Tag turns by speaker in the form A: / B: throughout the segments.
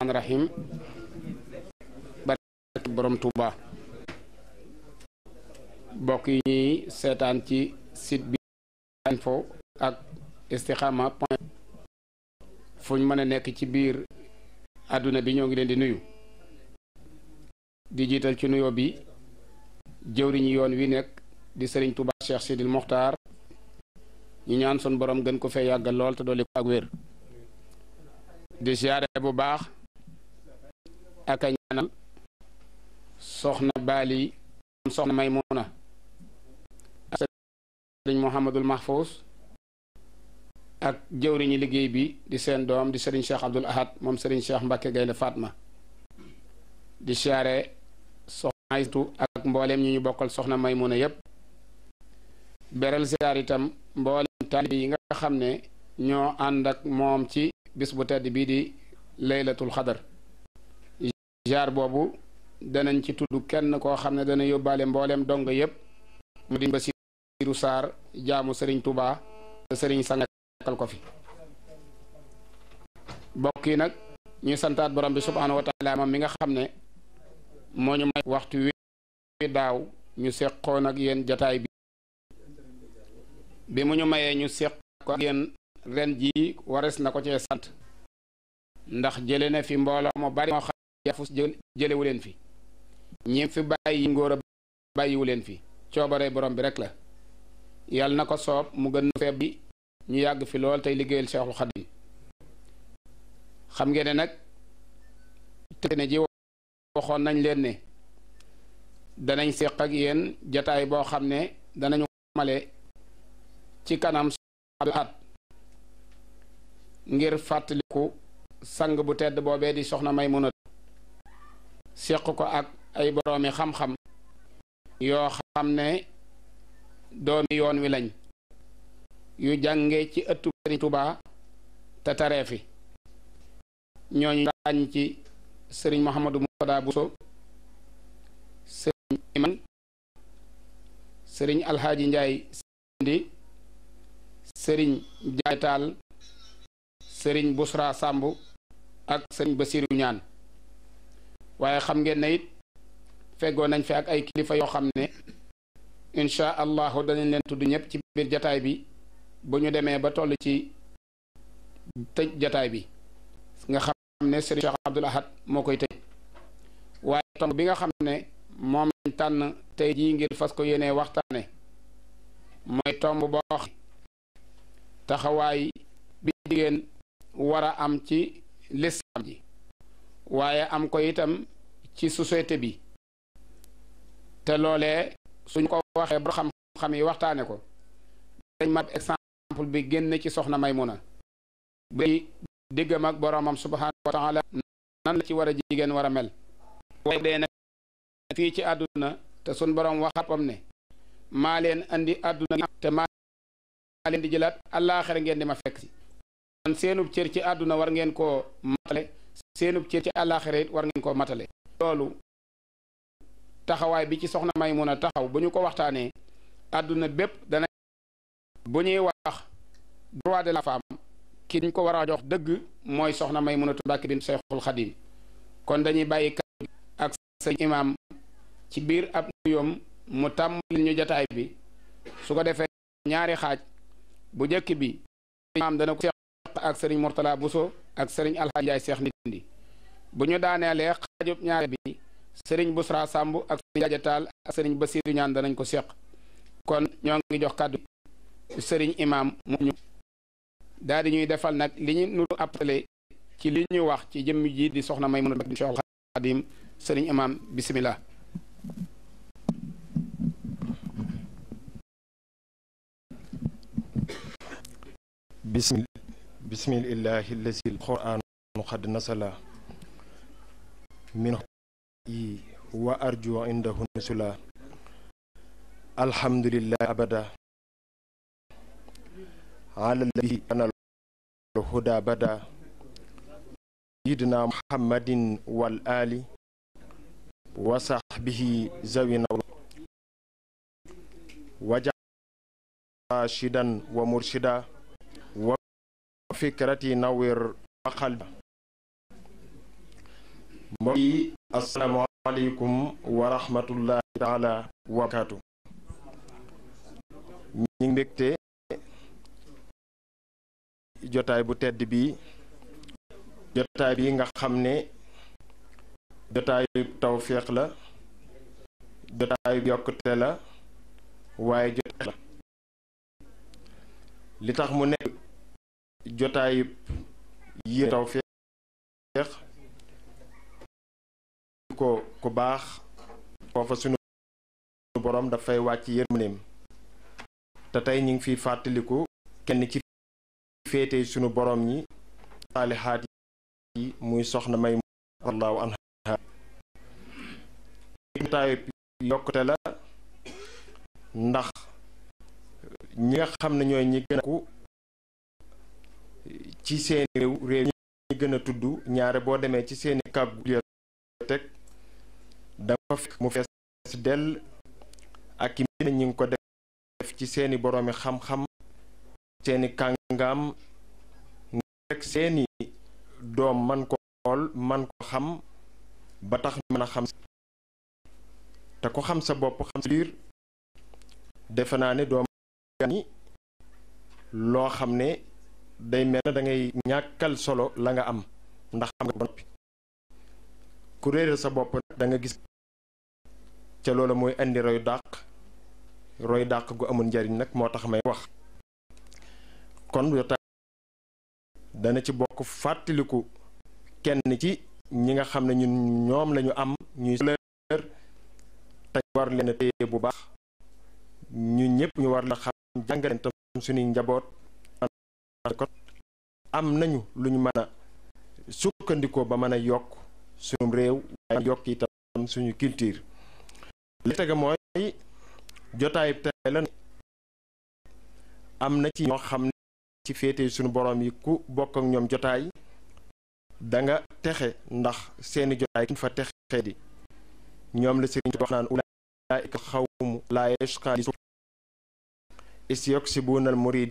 A: an rahim barke borom Touba bokk yi ñuy seetaan ci site bi info ak istikhama point fu ñu mën a nekk ci biir àdduna bi ñoo ngi leen di nuyu di jiital ci nuyoo bi jëwriñu yoon wi nekk di sëriñ Touba Cheikh Sidil Mokhtar ñu ñaan sun boroom gën ko fee yàggal lool te dolli ko ak wér di siyaare bu baax ak a ñaanal soxna Baali soxna Maymuna ak sëriñ Mouhamadul Mahfous ak jëwriñu liggéey bi di seen doom di sëriñ Cheikh Abdul Ahad moom sëriñ Cheikh Mbacke Gaynde faatma di siyaare soxna Aytu ak mbooleem ñu ñu bokkal soxna Maymuna yépp beral siyaar itam mbooleem taalibi yi nga xam ne ñoo ànd ak moom ci bis bu tedd bii di laylatul xadar ziar boobu danañ ci tudd kenn koo xam ne dana yóbbaale mbooleem dong yépp mu di Basiiru Saar jaamu Sëriñ Tuubaa te Sëriñ Sang nekkal ko fi bokk yi nag ñuy santaat borom bi subhaanahu wa taala moom mi nga xam ne moo ñu may waxtu wi daaw ñu seqoon ak yéen jataay bi bi mu ñu mayee ñu seq ko ak yéen ren jii wares na ko cee sant ndax jële na fi mbooloo mu bari moo yafus jëlewu leen fi ñim fi bàyyi ngóor bàyyiwu leen fi coobare borom bi rek la yàlla na ko soob mu gën feeb bi ñu yàgg fi lool tey liggéeyal Seexul Xadim xam ngeen ne nag te ne ji waxoon nañ leen ne danañ séq ak yéen jataay boo xam ne danañu male ci kanam at ngir fàttaliku sang bu tedd boobee di soxna may Maymuna seq ko ak ay boroomi xam-xam yoo xam ne doomi yoon wi lañ yu jànge ci ëttu Sëriñ Tuubaa te taree fi ñooñu ci sëriñ Mouhamadou Moutada Bousso sëriñ Iman sëriñ Alxaaji Njaay Sindi sëriñ Jaay Taal sëriñ Busra Sàmb ak sëriñ Basiru Ñaan waaye xam ngeen ne it feggoo nañ fi ak ay kilifa yoo xam ne incha allahu danañ leen tudd ñëpp ci biir jataay bi bu ñu demee ba toll ci tëj jataay bi nga xam ne Serigne Cheikh Abdoul Ahad moo koy tëj waaye tomb bi nga xam ne moom lañ tànn tey jii ngir fas ko yéenee waxtaane mooy tomb boo xam taxawaay bi jigéen war a am ci lislam ji waaye am ko itam ci société bi te loolee suñ ko waxee ba xam-xam yi waxtaane ko dañ mat exemple bi génn ci soxna Maymuna bay diggam ak boroomam subhaanahu wa taala nan la ci war a jigéen war a mel waaye dee nag fii ci àdduna te sun boroom waxatam ne maa leen andi àdduna te maa leen di jëlaat àllaaxira ngeen di ma fekk ci kon seenub cër ci àdduna war ngeen koo seenub cër ci àllaaxira it war ngeen koo matale loolu taxawaay bi ci soxna a taxaw bu ñu ko waxtaanee àdduna bépp dana bu ñuy wax droit de la femme ki ko war a jox dëgg mooy soxna may Maymunatu Mbàkke bint Seexul Xadim kon dañuy bàyyi kàddu ak sëñ imaam ci biir ab nuyoom mu tàmbali ñu jataay bi su ko defee ñaari xaaj bu njëkk bi imaam dana ko seq ak sëriñ Mourtala Bousso ak sëriñ Alxaaji Njaay Seex Ndindi bu ñu daaneelee xaajub ñaare bi sëriñ Busra Sàmb ak sëriñ Jajataal ak sëriñ Basiiru ñaan danañ ko seq kon ñoo ngi jox kàddu sëriñ imaam mu ñu daal ñuy defal nag li ci li ñuy wax ci jëmm ji di soxna may mën a Seexul Xaadim sëriñ imaam bisimilah.
B: bismillah bismillahi lazi alquran qad nasala min yi wa arju indahu nusula alhamdulillah abada ala allahi kana alhuda bada sayyidina muhammadin wal ali wa sahbihi zawina wa jashidan wa murshida fikrati nawir xal mbokk yi asalaamaaleykum wa rahmatullahi taala wa barakaatu jotaay bu tedd bi jotaay bi nga xam ne jotaay tawféex la jotaay yokkute la waaye jotaay la li tax mu nekk jotaayub yéen tawfeex ko ku baax foofa sunu boroom dafay wàcc yërmandeem te tey ñu ngi fiy fàttaliku kenn ci féete sunu boroom yi saalihaat yi muy soxna may allahu anha jotaayub yokkute la ndax ñi nga xam ne ñooy ñi gën a ci seeni réew réew ñi gën a tudd ñaare boo demee ci seeni kàggu bibliothèque danga fekk mu fees dell ak i mbir ngi ko def ci seeni boroomi xam-xam seeni kàngaam rek seeni doom man ko xam ba tax mën a xam te ko xam sa bopp xam sa biir defe naa ne doom gani loo xam ne day mel ne da ñàkkal solo la nga am ndax xam nga ba noppi ku réeral sa bopp nag da gis ca loola mooy indi roy dàq roy dàq gu amul njariñ nag moo tax may wax kon jotaay dana ci bokk fàttaliku kenn ci ñi nga xam ne ñun ñoom lañu am ñuy leer te war leen a bu baax ñu ñëpp ñu war la xam jàngaleen tam suñuy njaboot kon am nañu lu ñu mën a sukkandikoo ba mën a yokk suñu réew waaye yokk itam suñu culture li tega mooy jotaay tey la am na ci ñoo xam ne ci féete suñu borom yi ku bokk ñoom jotaay danga nga texe ndax seeni jotaay kiñ fa texe di ñoom la sëriñ wax naan ulaa'ika xawmu laa yashqaa li is yokk si buunal murid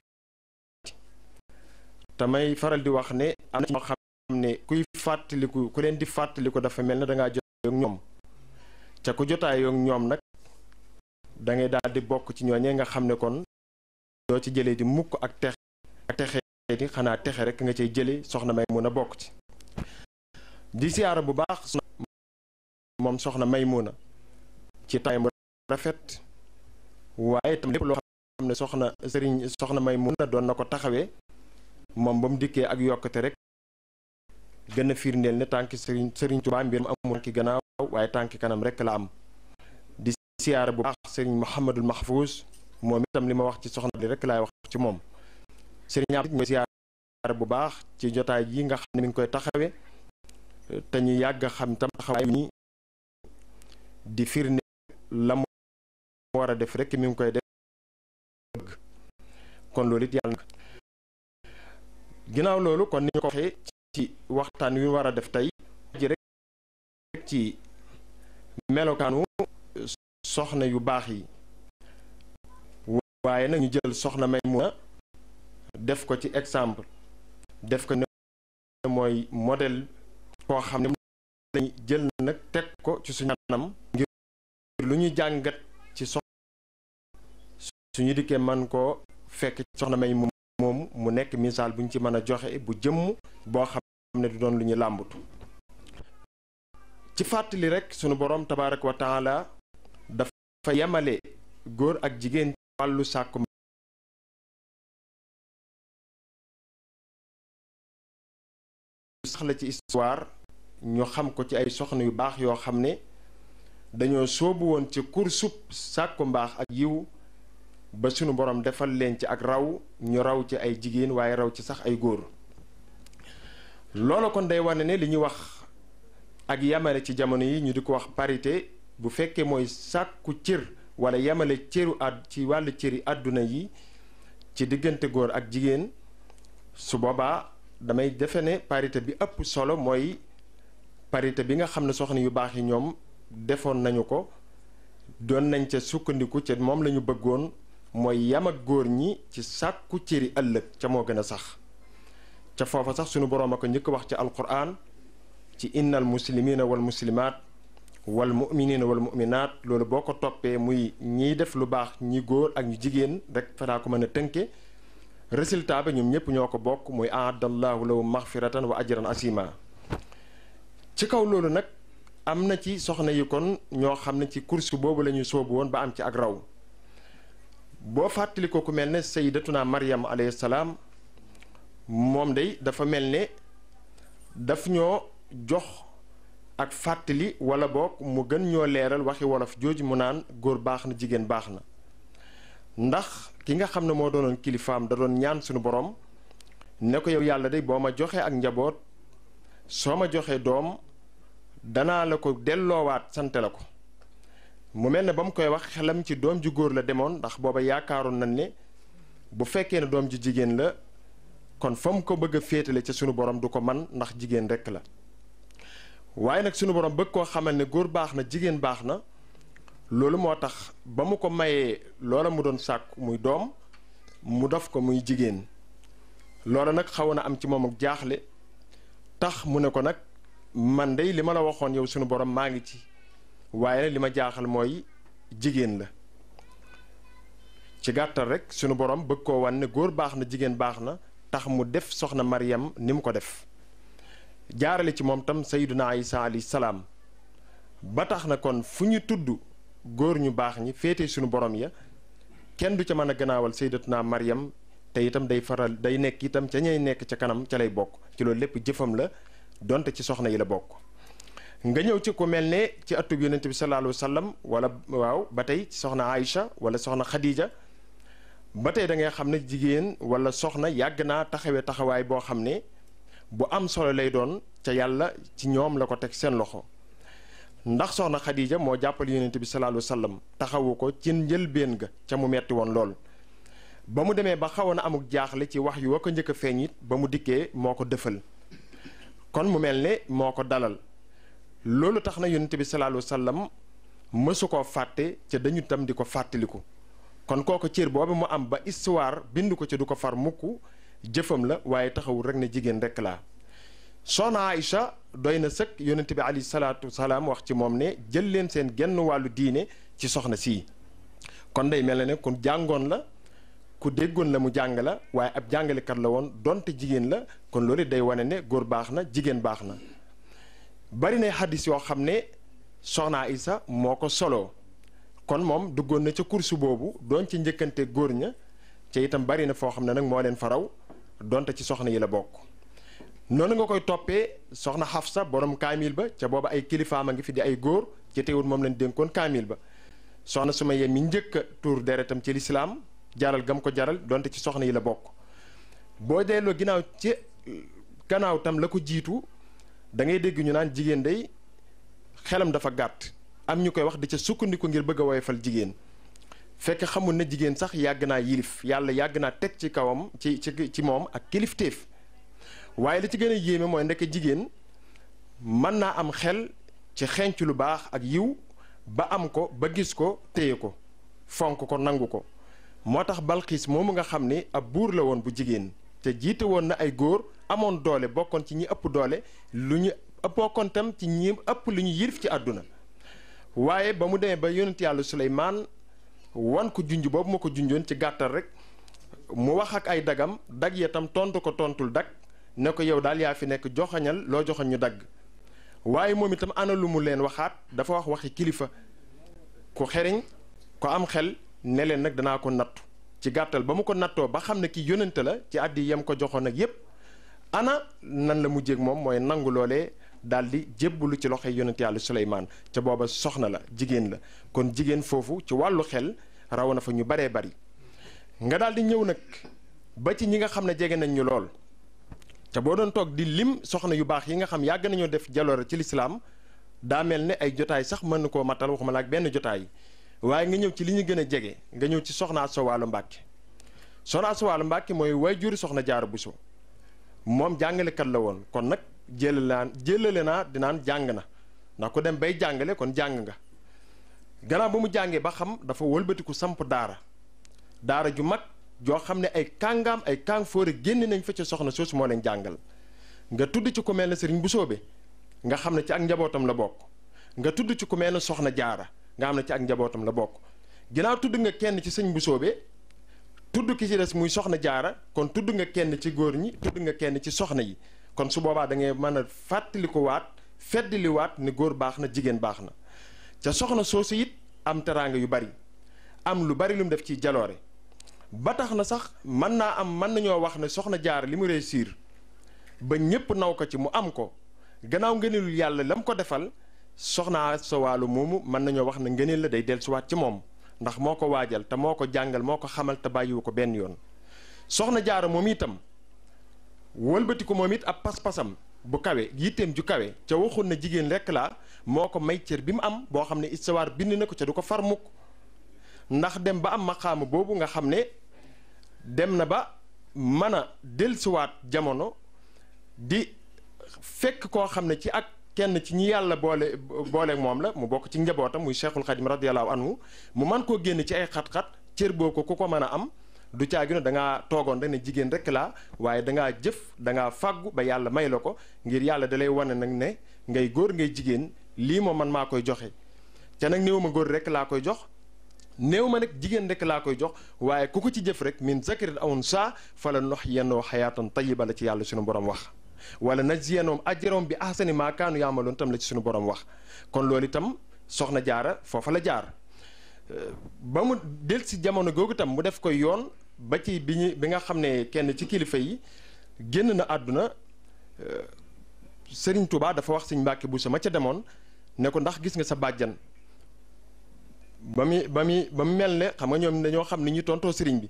B: damay faral di wax ne am na ci ñoo xam ne kuy fàttaliku ku leen di fàttaliku dafa mel ne dangaa jot ak ñoom ca ku jotaayoo ak ñoom nag dangay ngay di bokk ci ñooñee nga xam ne kon doo ci jëlee di mukk ak texe ak di xanaa texe rek nga cay jëlee soxna may mun a bokk ci di siyaara bu baax soxna Maymuna ci taay mu rafet waaye tam lépp loo xam ne soxna sëriñ soxna Maymuna doon na ko taxawee moom ba mu dikkee ak yokkate rek gën a firndeel ne tànki sëriñ sëriñ Tuubaa mbir amul tànki gannaaw waaye tànki kanam rek la am di siyaara bu baax sëriñ Mouhamadul Mahfouz moom itam li ma wax ci soxna li rek laay wax ci moom sëriñ Abdou mooy siyaara bu baax ci jotaay yi nga xam ne mi ngi koy taxawe te ñu yàgg xam tam taxawaay ñi di firnde la mu def rek mi ngi koy def kon loolu it yàlla ginnaaw loolu kon ni ñu ko waxee ci waxtaan wi war a def tey ji rek ci melokaanu soxna yu baax yi waaye nag ñu jël soxna Maymuna def ko ci exemple def ko ne mooy model koo xam ne lañu jël nag teg ko ci suñu anam ngir lu ñu jàngat ci soxna suñu dikkee man koo fekk soxna may mu moom mu nekk misaal buñ ci mën a joxe bu jëmm boo xam ne du doon lu ñu làmbatu ci fàttali rekk sunu boroom tabaaraka wa taala dafa
A: yemale góor ak jigéen wàllu sàkku saxla ci histoire
B: ñu xam ko ci ay soxna yu baax yoo xam ne dañoo soobu woon ci kursub sàkku mbaax ak yiw ba sunu borom defal leen ci ak raw ñu raw ci ay jigéen waaye raw ci sax ay góor loolu kon day wane ne li ñuy wax ak yamale ci jamono yi ñu di ko wax parité bu fekkee mooy sàkku cër wala yamale cëru àdd ci wàllu cëri àdduna yi ci diggante góor ak jigéen su boobaa damay defe ne parité bi ëpp solo mooy parité bi nga xam ne soxna yu baax yi ñoom defoon nañu ko doon nañ ca sukkandiku ca moom la ñu bëggoon mooy yam góor ñi ci sàkku cëri ëllëg ca moo gën a sax ca foofa sax sunu boroom a ko njëkk wax ci alquran ci innal muslimina wal muslimaat wal muminina wal muminaat loolu boo ko toppee muy ñiy def lu baax ñi góor ak ñu jigéen rek fanaa ko mën a tënke résultat bi ñoom ñëpp ñoo ko bokk muy aadallahu law maxfiratan wa ajran asima ci kaw loolu nag am na ci soxna yi kon ñoo xam ne ci course boobu lañuy ñu soobu woon ba am ci ak raw boo fàttali ko ku mel ne naa Maryam alayhi salaam moom day dafa mel ne daf ñoo jox ak fàttali walla boog mu gën ñoo leeral waxi wolof jooju mu naan góor baax na jigéen baax na ndax ki nga xam ne moo doonoon kilifaam da doon ñaan suñu boroom ne ko yow yàlla day boo ma joxee ak njaboot soo ma joxee doom danaa la ko delloowaat sante la ko mu mel ne ba mu koy wax xelam ci doom ju góor la demoon ndax booba yaakaaroon nañ ne bu fekkee ne doom ju jigéen la kon fa mu ko bëgg a féetale ca sunu borom du ko man ndax jigéen rekk la waaye nag sunu borom bëgg koo xamal ne góor baax na jigéen baax na loolu moo tax ba mu ko mayee loola mu doon sàkk muy doom mu def ko muy jigéen loola nag xawoon na am ci moom ak jaaxle tax mu ne ko nag man dey li ma la waxoon yow sunu borom maa ngi ci waaye li ma jaaxal mooy jigéen la ci gàttal rek sunu borom bëgg koo wan góor baax na jigéen baax na tax mu def soxna Maryam ni mu ko def jaarale ci moom tam sayyiduna Isa alayhi salaam ba tax na kon fu ñu tudd góor ñu baax ñi féete sunu borom ya kenn du ca mën a gannaawal sayyidatuna Maryam te itam day faral day nekk itam ca ñay nekk ca kanam ca lay bokk ci loolu lépp jëfam la donte ci soxna yi la bokk nga ñëw ci ku mel ne ci atub yonent bi sallallahu alayhi wa wala waaw ba tey soxna Aïcha wala soxna Khadija ba tey da ngay xam ne jigéen wala soxna yàgg naa taxawee taxawaay boo xam ne bu am solo lay doon ca yàlla ci ñoom la ko teg seen loxo ndax soxna Khadija moo jàppal yonent bi sallallahu alayhi sallam taxawu ko ci njëlbéen ga ca mu metti woon lool. ba mu demee ba xawoon na amuk jaaxle ci wax yu wa ko njëkk a feeñ it ba mu dikkee moo ko dëfal kon mu mel ne moo ko dalal. loolu tax na yonent bi sallallahu sallam mësu koo fàtte ca dañu tam di ko fàttaliku kon kooku cër boobu mu am ba histoire bind ko ca du ko far mukk jëfam la waaye taxawul rek na jigéen rek laa soxna Aïcha doy na sëkk yonent bi alayhi salaatu salaam wax ci moom ne jël leen seen genn wàllu diine ci soxna sii kon day mel na ne ku jàngoon la ku déggoon la mu jàng la waaye ab jàngalekat la woon donte jigéen la kon loolu day wane ne góor baax na jigéen baax na bari na xadis yoo xam ne soxnaa Isa moo ko soloo kon moom duggoon na ca kursu boobu doon ci njëkkante góor ña ca itam bari na foo xam ne nag moo leen faraw donte ci soxna yi la bokk noonu nga koy toppee soxna Xafsa borom kaamil ba ca booba ay kilifaam a ngi fi di ay góor ci teewul moom lañ dénkoon kaamil ba soxna Sumayya mi njëkk a tuur deretam ci lislaam jaral gam ko jaral donte ci soxna yi la bokk boo delloo ginnaaw ci gannaaw tam la ko jiitu da ngay dégg ñu naan jigéen day xelam dafa gàtt am ñu koy wax di ca sukkandiku ngir bëgg a woyofal jigéen fekk xamul na jigéen sax yàgg naa yilif yàlla yàgg naa teg ci kawam ci ci moom ak kilifteef waaye li ci gën a yéeme mooy ndeke jigéen mën naa am xel ci xenc lu baax ak yiw ba am ko ba gis ko téye ko fonk ko nangu ko moo tax balxiis moomu nga xam ne ab buur la woon bu jigéen te jiite woon na ay góor amoon doole bokkoon ci ñi ëpp doole lu ñu bokkoon tam ci ñi ëpp lu ñu yilif ci àdduna waaye ba mu demee ba yonent yàlla Suleymaan wan ko junj boobu ma ko junjoon ci gàttal rek mu wax ak ay dagam dag ya tam tontu ko tontul dagg ne ko yow daal yaa fi nekk joxañal loo joxañ ñu dagg waaye moom itam ana lu mu leen waxaat dafa wax waxi kilifa ku xeriñ ko am xel ne leen nag danaa ko nattu ci gàttal ba mu ko nattoo ba xam ne kii yónnante la ci àddi yam ko joxoon ak yépp ana nan la mu ak moom mooy nangu loolee daal di jébbalu ci loxo yonent yàlla Suleymaan ca booba soxna la jigéen la kon jigéen foofu ci wàllu xel raw na fa ñu baree bari nga daal di ñëw nag ba ci ñi nga xam ne jege nañ ñu lool ca boo doon toog di lim soxna yu baax yi nga xam yàgg nañoo def jaloore ci lislaam daa mel ne ay jotaay sax mën na koo matal waxuma la ak benn jotaay waaye nga ñëw ci li ñu gën a jege nga ñëw ci soxna Asowalu Mbàkke soxna Asowalu Mbàkke mooy waajuri soxna Jaara Buso moom jàngalekat la woon kon nag jëlale naa jëlale naa dinaan jàng na ndax ko dem bay jàngale kon jàng nga gannaaw ba mu jàngee ba xam dafa wëlbatiku samp daara daara ju mag joo xam ne ay kàngaam ay kàng fóore génn nañ fa ci soxna soosu moo leen jàngal nga tudd ci ku mel ne sëriñ bu soobe nga xam ne ci ak njabootam la bokk nga tudd ci ku mel ne soxna jaara nga xam ne ci ak njabootam la bokk ginnaaw tudd nga kenn ci sëñ bu soobe tudd ki ci des muy soxna jaara kon tudd nga kenn ci góor ñi tudd nga kenn ci soxna yi kon su boobaa da ngay mën a fàttalikuwaat feddliwaat ne góor baax na jigéen baax na ca soxna soosu it am teraanga yu bari am lu bari lu def ci jaloore ba tax na sax mën naa am mën nañoo wax ne soxna jaara li mu réussir ba ñépp naw ko ci mu am ko gannaaw ngëneelul yàlla la mu ko defal soxna Awa moomu mën nañoo wax ne ngëneel la day dellusiwaat ci moom ndax moo ko waajal te moo ko jàngal moo ko xamal te bàyyiwu ko benn yoon soxna jaara moom itam wëlbatiku moom it ab pas-pasam bu kawe yitteem ju kawe ca waxul na jigéen rekk la moo ko may cër bi mu am boo xam ne istawaar bind na ko ca du ko far mukk ndax dem ba am maqaama boobu nga xam ne dem na ba mën a dellusiwaat jamono di fekk koo xam ne ci ak kenn ci ñi yàlla boole booleeg moom la mu bokk ci njabootam muy cheikhul xadim radiallahu anhu mu man koo génn ci ay xat-xat cër boo ko ku ko mën a am du caagino da ngaa toogoon rek ne jigéen rek laa waaye da jëf da fàggu ba yàlla may la ko ngir yàlla da lay wane nag ne ngay góor ngay jigéen lii moom man maa koy joxe te nag néew ma góor rek laa koy jox néew ma nag jigéen rek laa koy jox waaye ku ko ci jëf rek min zakarin awun saa fala nox yennoo xayaatan tayiba la ci yàlla sunu borom wax wala najziyannahum ajrahum bi ahsani maa kaanu yaamaloon tam la ci suñu borom wax kon loolu itam soxna jaara foofa la jaar ba mu del si jamono googu itam mu def ko yoon ba ci bi bi nga xam ne kenn ci kilifa yi génn na àdduna Sëriñ Tuubaa dafa wax Sëñ Mbàkke bu sama ca demoon ne ko ndax gis nga sa bàjjan ba muy ba muy ba mu mel ne xam nga ñoom ñoo xam ni ñu tontoo sëriñ bi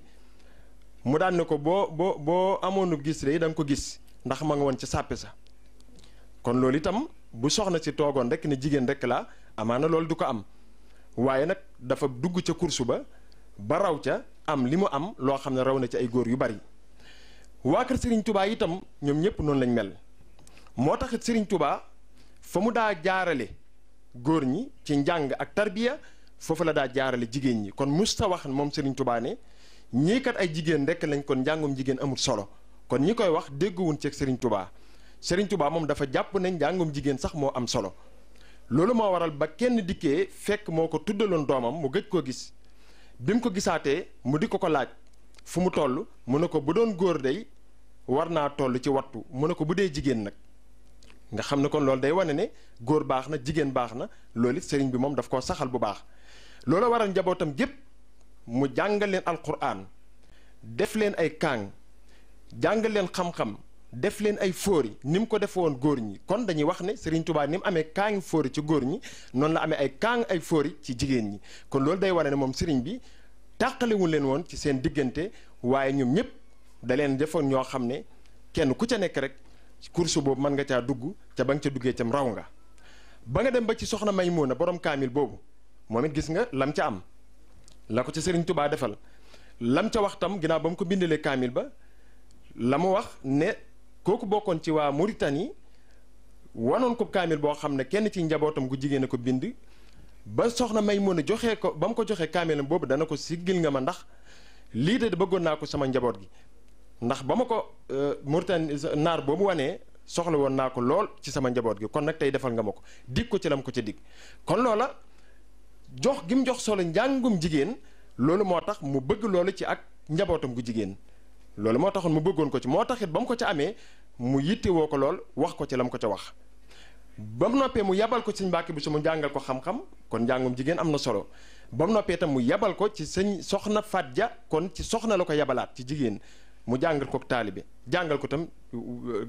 B: mu daan ne ko boo boo boo amoon gis rek da ko gis ndax ma nga woon ca sàppi sa kon loolu itam bu soxna si toogoon rekk ne jigéen rek la amaana loolu du ko am waaye nag dafa dugg ca kursu ba ba raw ca am li mu am loo xam ne raw na ci ay góor yu bari waa kër sëriñ Touba itam ñoom ñëpp noonu lañ mel moo taxit sëriñ Touba fa mu daa jaarale góor ñi ci njàng ak tarbiya foofu la daa jaarale jigéen ñi kon musta wax moom Serigne Touba ne ñii ay jigéen rekk lañ kon njàngum jigéen amul solo. kon ñi koy wax dégguwuñ ci Serigne Touba Serigne Touba moom dafa jàpp ne njàngum jigéen sax moo am solo loolu moo waral ba kenn dikkee fekk moo ko tuddaloon doomam mu gëj koo gis bi mu ko gisaatee mu di ko ko laaj fu mu toll mu ne ko bu doon góor day war naa toll ci wattu mu ne ko bu dee jigéen nag nga xam ne kon loolu day wane ne góor baax na jigéen baax na loolu it sëriñ bi moom daf koo saxal bu baax loolu waral njabootam gépp mu jàngal leen alquran def leen ay kaang jàngal leen xam-xam def leen ay fóori ni mu ko def woon góor ñi kon dañuy wax ne Serigne Touba ni mu amee kaangi fóori ci góor ñi noonu la amee ay kaang ay fóori ci jigéen ñi kon loolu day wane ne moom Serigne bi tàqalewul leen woon ci seen diggante waaye ñoom ñëpp da leen defoon ñoo xam ne kenn ku ca nekk rek course boobu mën nga caa dugg ca ba nga ca duggee cam raw nga ba nga dem ba ci soxna may Maymuna borom kaamil boobu moom it gis nga lam ca am la ko ca Serigne Touba defal lam ca waxtam ginnaaw ba mu ko bindalee kaamil ba la mu wax ne kooku bokkoon ci waa Mauritanie wanoon ko kaamil boo xam ne kenn ci njabootam gu jigéen a ko bind ba soxna may mën a joxee ko ba mu ko joxee kaamilam boobu dana ko siggil nga ma ndax lii de bëggoon naa ko sama njaboot gi ndax ba ma ko euh, Mauritanie naar boobu wanee soxla woon naa ko lool ci sama njaboot gi kon nag tey defal nga ma ko dig ko ci lam ko ca dig kon loola jox gi mu jox solo njàngum jigéen loolu moo tax mu bëgg loolu ci ak njabootam gu jigéen loolu moo taxoon mu bëggoon ko ci moo taxit ba mu ko ca amee mu woo ko lool wax ko ci la mu ko ca wax ba mu noppee mu yabal ko ci sëñ Mbàkke Buso jàngal ko xam kon njàngum jigéen am na solo ba noppee itam mu yabal ko ci sëñ soxna Faat Ja kon ci soxna la ko yabalaat ci jigéen mu jàngal ko taalibe jàngal ko tam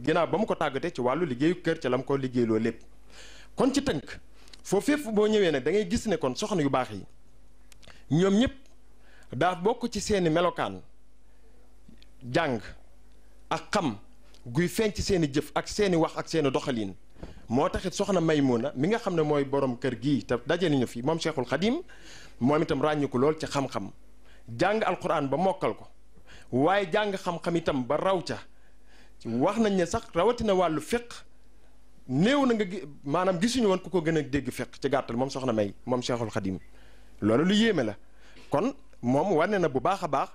B: ginnaaw ba mu ko tàggatee ci wàllu liggéeyu kër ca la mu ko liggéeyloo lépp kon ci tënk foofu fépp boo ñëwee nag dangay gis ne kon soxna yu baax yi ñoom ñëpp daa bokk ci seeni melokaan jàng ak xam guy feeñ ci seeni jëf ak seeni wax ak seeni i moo taxit soxna na mi nga xam ne mooy borom kër gii te daje nañu fii moom Cheikhul Khadim moom itam ràññiku lool ci xam-xam jàng ba mokkal ko waaye jàng xam itam ba raw ca wax nañ ne sax rawatina wàllu fiq néew na nga maanaam gisuñu woon ku ko gën a dégg fiq ci gàttal moom soxna May moom Cheikhul Khadim loolu lu yéeme la kon moom wane na bu baax a baax.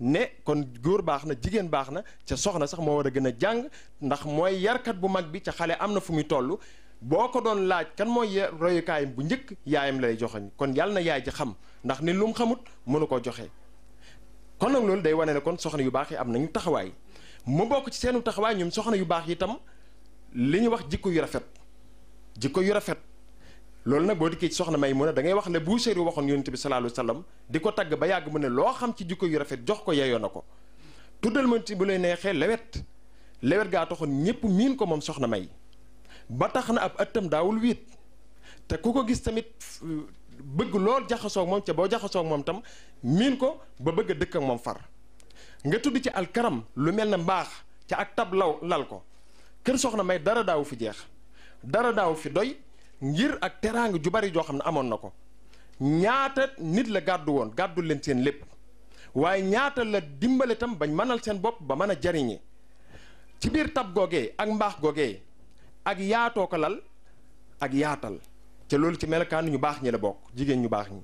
B: ne kon góor baax na jigéen baax na ca soxna sax moo war a gën a jàng ndax mooy yarkat bu mag bi ca xale am na fu muy toll boo ko doon laaj kan mooy royukaayam bu njëkk yaayam lay joxoñ kon yàlla na yaay ji xam ndax ni lu mu xamut mënu koo joxe kon nag loolu day wane ne kon soxna yu baax yi am na nañu taxawaay mu bokk ci seenu taxawaay ñoom soxna yu baax yi itam li ñu wax jikko yu rafet jikko yu rafet loolu nag boo dikkee ci soxna may mun a da wax ne bu séeri waxoon yonent bi sallallahu alayhi di ko tagg ba yàgg mu ne loo xam ci jikko yu rafet jox ko yeyoo na ko tuddal ma ci bu lay neexee lewet lewet gaa taxoon ñëpp miin ko moom soxna may ba tax na ab ëttam daawul wiit te ku ko gis tamit bëgg lool jaxasoo moom ca boo jaxasoo moom tam miin ko ba bëgg dëkk ak moom far nga tudd ci alkaram lu mel na mbaax ca ak tab law lal ko kër soxna may dara daaw fi jeex dara daaw fi doy ngir ak teraanga ju bari joo xam ne amoon na ko ñaata nit la gàddu woon gàddu leen seen lépp waaye ñaata la dimbale tam bañ mënal seen bopp ba mën a jariñe ci biir tab googee ak mbaax googee ak yaatoo ko lal ak yaatal te loolu ci melokaan ñu baax ñi la bokk jigéen ñu baax ñi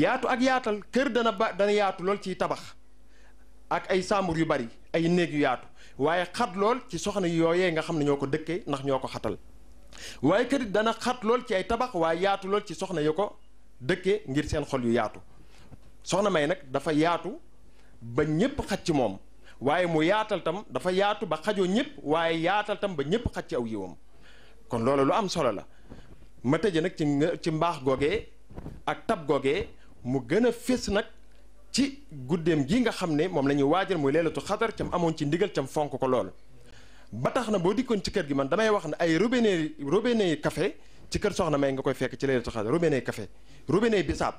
B: yaatu ak yaatal kër dana ba dana yaatu lool ciy tabax ak ay saamur yu bari ay néeg yu yaatu waaye xat lool ci soxna yooyee nga xam ne ñoo ko dëkkee ndax ñoo ko xatal waaye kër it dana xat lool ci ay tabax waaye yaatu lool ci soxna ya ko dëkke ngir seen xol yu yaatu soxna may nag dafa yaatu ba ñépp xaj ci moom waaye mu yaatal tam dafa yaatu ba xajoo ñépp waaye yaatal tam ba ñépp xaj ci aw yiwam kon loolu lu am solo la ma tëje nag ci ci mbaax googee ak tab googe mu gën a fés nag ci guddeem gi nga xam ne moom la ñuy waajal muy leelatu xadar cam amoon ci ndigal cam fonk ko lool ba tax na boo dikkoon ci kër gi man damay wax ne ay robinet robinet kafe ci kër soxna may nga koy fekk ci la Laylatul Qadr robinet café robinet bisaab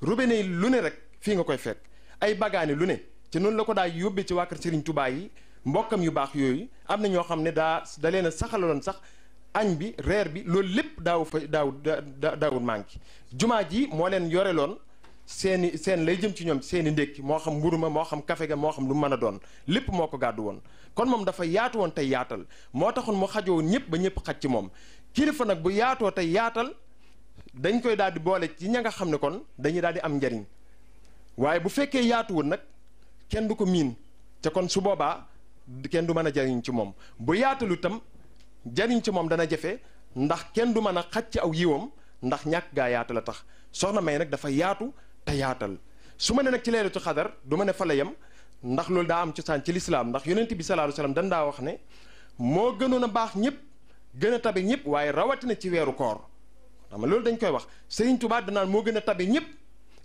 B: robinet lu ne rek fii nga koy fekk ay bagaani lu ne ci noonu la ko daa yóbbee ci waa kër Serigne Touba yi mbokkam yu baax yooyu am na ñoo xam ne daa da leen a saxaloon sax añ bi reer bi loolu lépp daaw fa daaw daawul manqué jumaa ji moo leen yore loon seeni seen lay jëm ci ñoom seeni ndékki moo xam mburuma moo xam kafe ga moo xam lu mën a doon lépp moo ko gàddu woon kon moom dafa yaatu woon tey yaatal moo taxoon mu xajoo ñëpp ba ñëpp xaj ci moom kilifa nag bu yaatoo tey yaatal dañ koy daal di boole ci ña nga xam ne kon dañuy daal di am njariñ waaye bu fekkee yaatuwul nag kenn du ko miin te kon su boobaa kenn du mën a jariñ ci moom bu yaatalu itam jariñ ci moom dana jafe ndax kenn du mën a xaj ci aw yiwam ndax ñàkk gaa yaatu la tax soxna may nag dafa yaatu te yaatal su ma ne nag ci leelatu xadar du ma ne fa la yem ndax loolu daa am cosaan ci lislaam ndax yonent bi sallallahu alayhi wasallam dan wax ne moo gënoon a baax ñëpp gën a tabe ñëpp waaye rawatina ci weeru koor xam loolu dañ koy wax Serigne Touba danaan moo gën a tabe ñëpp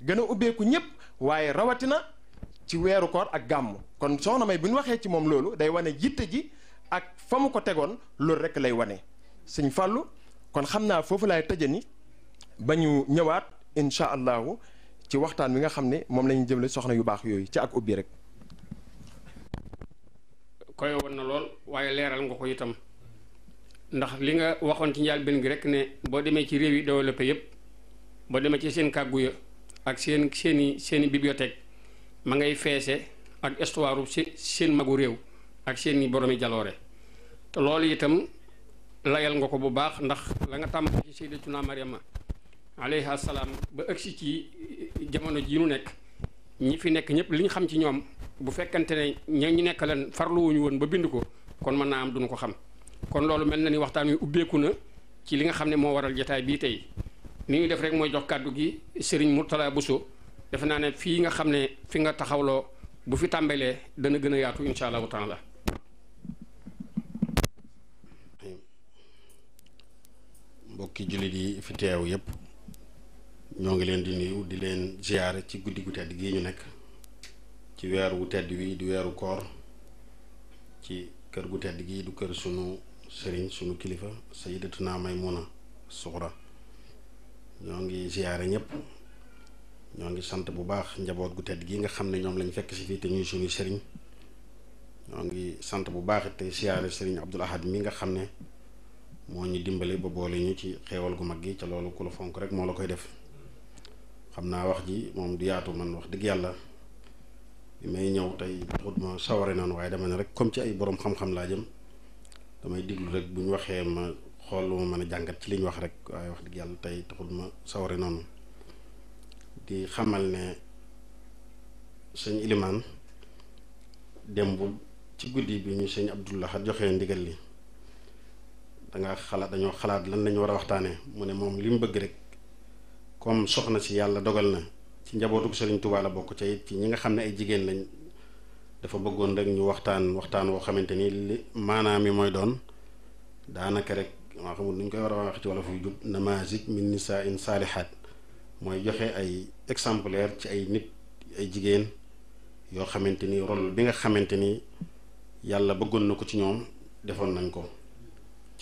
B: gën a ubbeeku ñëpp waaye rawatina ci weeru koor ak gàmm kon soxna may bi ñu waxee ci moom loolu day wane yitte ji ak fa mu ko tegoon loolu rek lay wane sëñ Fallou kon xam naa foofu lay tëje ni ba ñu ñëwaat incha allahu ci waxtaan wi nga xam ne moom la ñu jëmle soxna yu baax yooyu ca ak ubbi rek.
C: koy woon na lool waaye leeral nga ko itam ndax li nga waxoon ci njëlbéen gi rek ne boo demee ci réew yi développé yëpp boo demee ci seen kàggu ya ak seen seeni seeni bibliothèque ma ngay feese ak histoire seen magu réew ak seeni boromi jaloore te loolu itam layal nga ko bu baax ndax la nga tàmbali ci Sayyidatuna Maryama alayha salaam ba ëgsi ci eh, jamono ji ñu nekk ñi fi nekk ñëpp li ñu xam ci ñoom bu fekkante ne ña ñu nekk lan farluwuñu woon ba bind ko kon mën naa am duñu ko xam kon loolu mel na ni waxtaan wi ubbeeku na ci li nga xam ne moo waral jataay bii tey ni ñu def rek mooy jox kàddu gi Serigne Mourtala Bousso defe naa ne fii nga xam ne fi nga taxawloo bu fi tàmbalee dana gën a yaatu incha allahu taala
D: mbokki jullit yi fi teew ñoo ngi leen di nuyu di leen ziyaare ci guddi gu tedd gii ñu nekk ci weer gu tedd wii di weeru koor ci kër gu tedd gii du kër sunu sëriñ sunu kilifa naa may sayyidatuna Maymuna Suxra ñoo ngi ziyaare ñëpp ñoo ngi sant bu baax njaboot gu tedd gii nga xam ne ñoom lañ fekk si fii te ñuy sunu sëriñ ñoo ngi sant bu baax te ziyaare sëriñ Abdul Ahad mi nga xam ne moo ñu dimbali ba boole ñu ci xeewal gu mag gi ca loolu ku la fonk rek moo la koy def. xam naa wax ji moom du yaatu man wax dëgg yàlla bi may ñëw tey taxut ma saware noonu waaye dama ne rek comme ci ay borom xam-xam laa jëm damay diglu rek bu ñu waxee ma xool lu ma mën a jàngat ci li ñu wax rek waaye wax dëgg yàlla tey taxul ma saware noonu di xamal ne sëñ Ilimaan démb ci guddi bi ñu sëñ Abdullah joxe ndigal li danga xalaat dañoo xalaat lan lañu war a waxtaanee mu ne moom li mu bëgg rek comme soxna si yàlla dogal na ci njabootu Sëriñ Tuubaa la bokk ca ci ñi nga xam ne ay jigéen lañ dafa bëggoon rek ñu waxtaan waxtaan woo xamante ni li maanaam mi mooy doon daanaka rek maa xamul nu ñu koy war a wax ci wolof yu jub namazij min nisaa in saalihaat mooy joxe ay exemplaire ci ay nit ay jigéen yoo xamante ni rôle bi nga xamante ni yàlla bëggoon na ko ci ñoom defoon nañ ko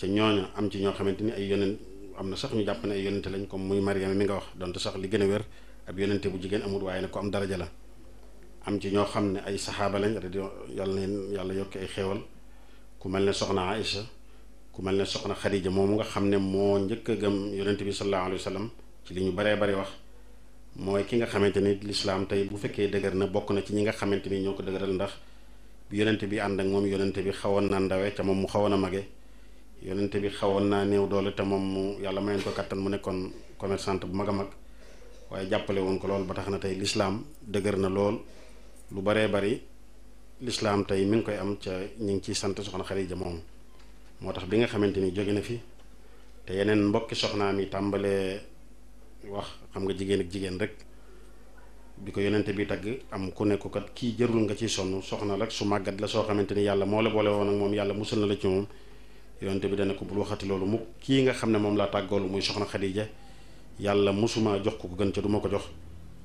D: ca ñooña am ci ñoo xamante ni ay yeneen am na sax ñu jàpp ne ay yonente lañ comme muy Mariama mi nga wax donte sax li gën a wér ab yonente bu jigéen amul waaye ne ko am daraja la am ci ñoo xam ne ay saxaaba lañ radio yàlla yàlla yokk ay xéewal ku mel ne soxna Aïcha ku mel ne soxna Xadija moomu nga xam ne moo njëkk a gëm yonente bi sallallahu alayhi ci li ñu baree bari wax mooy ki nga xamante ni lislaam tey bu fekkee dëgër na bokk na ci ñi nga xamante ni ñoo ko dëgëral ndax bi yonente bi ànd ak moom yonente bi xawoon na ndawe ca moom mu xawoon a mage yonent bi xawoon naa néew doole te moom mu yàlla mayoon ko kàttan mu nekkoon commerçante bu mag a mag waaye jàppale woon ko lool ba tax na tey lislaam dëgër na lool lu baree bari lislaam tey mi ngi koy am ca ñu ngi ciy sant soxna Xadija moom moo tax bi nga xamante ni jóge na fi te yeneen mbokki soxnaam yi tàmbalee wax xam nga jigéen ak jigéen rek bi ko yonente bi tagg am ku nekku kat kii jërul nga ciy sonn soxna la su màggat la soo xamante ni yàlla moo la boole woon moom yàlla musal na la ci moom yonte bi dana ko bul waxati loolu mu kii nga xam ne moom laa tàggoolu muy soxna Xadija yàlla musuma jox ko ko gën ca du ma ko jox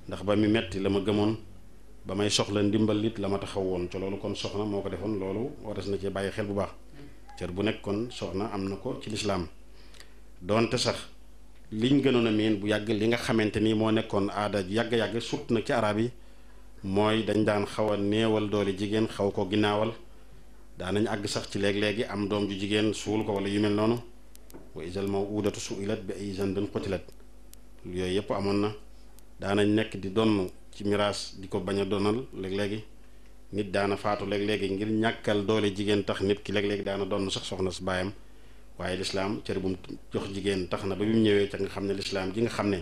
D: ndax ba mi metti la ma gëmoon ba may soxla ndimbal it la ma taxaw woon ca loolu kon soxna moo ko defoon loolu waras na ci bàyyi xel bu baax cër bu nekk kon soxna am na ko ci lislaam doonte sax liñ gënoon miin bu yàgg li nga xamante ni moo nekkoon aada yàgg-yàgg sut na ci arab yi mooy dañ daan xaw a néewal doole jigéen xaw ko ginnaawal daanañ àgg sax ci léeg-léegi am doom ju jigéen suul ko wala yu mel noonu wa isal su suilat bi ay zandin qutilat yooyu yëpp amoon na daanañ nekk di donn ci miraas di ko bañ a donal léeg-léegi nit daana faatu léeg-léegi ngir ñàkkal doole jigéen tax nit ki léeg-léegi daana donn sax soxna si baayam waaye lislaam cër bu mu jox jigéen tax na ba bi mu ñëwee ca nga xam ne lislaam ji nga xam ne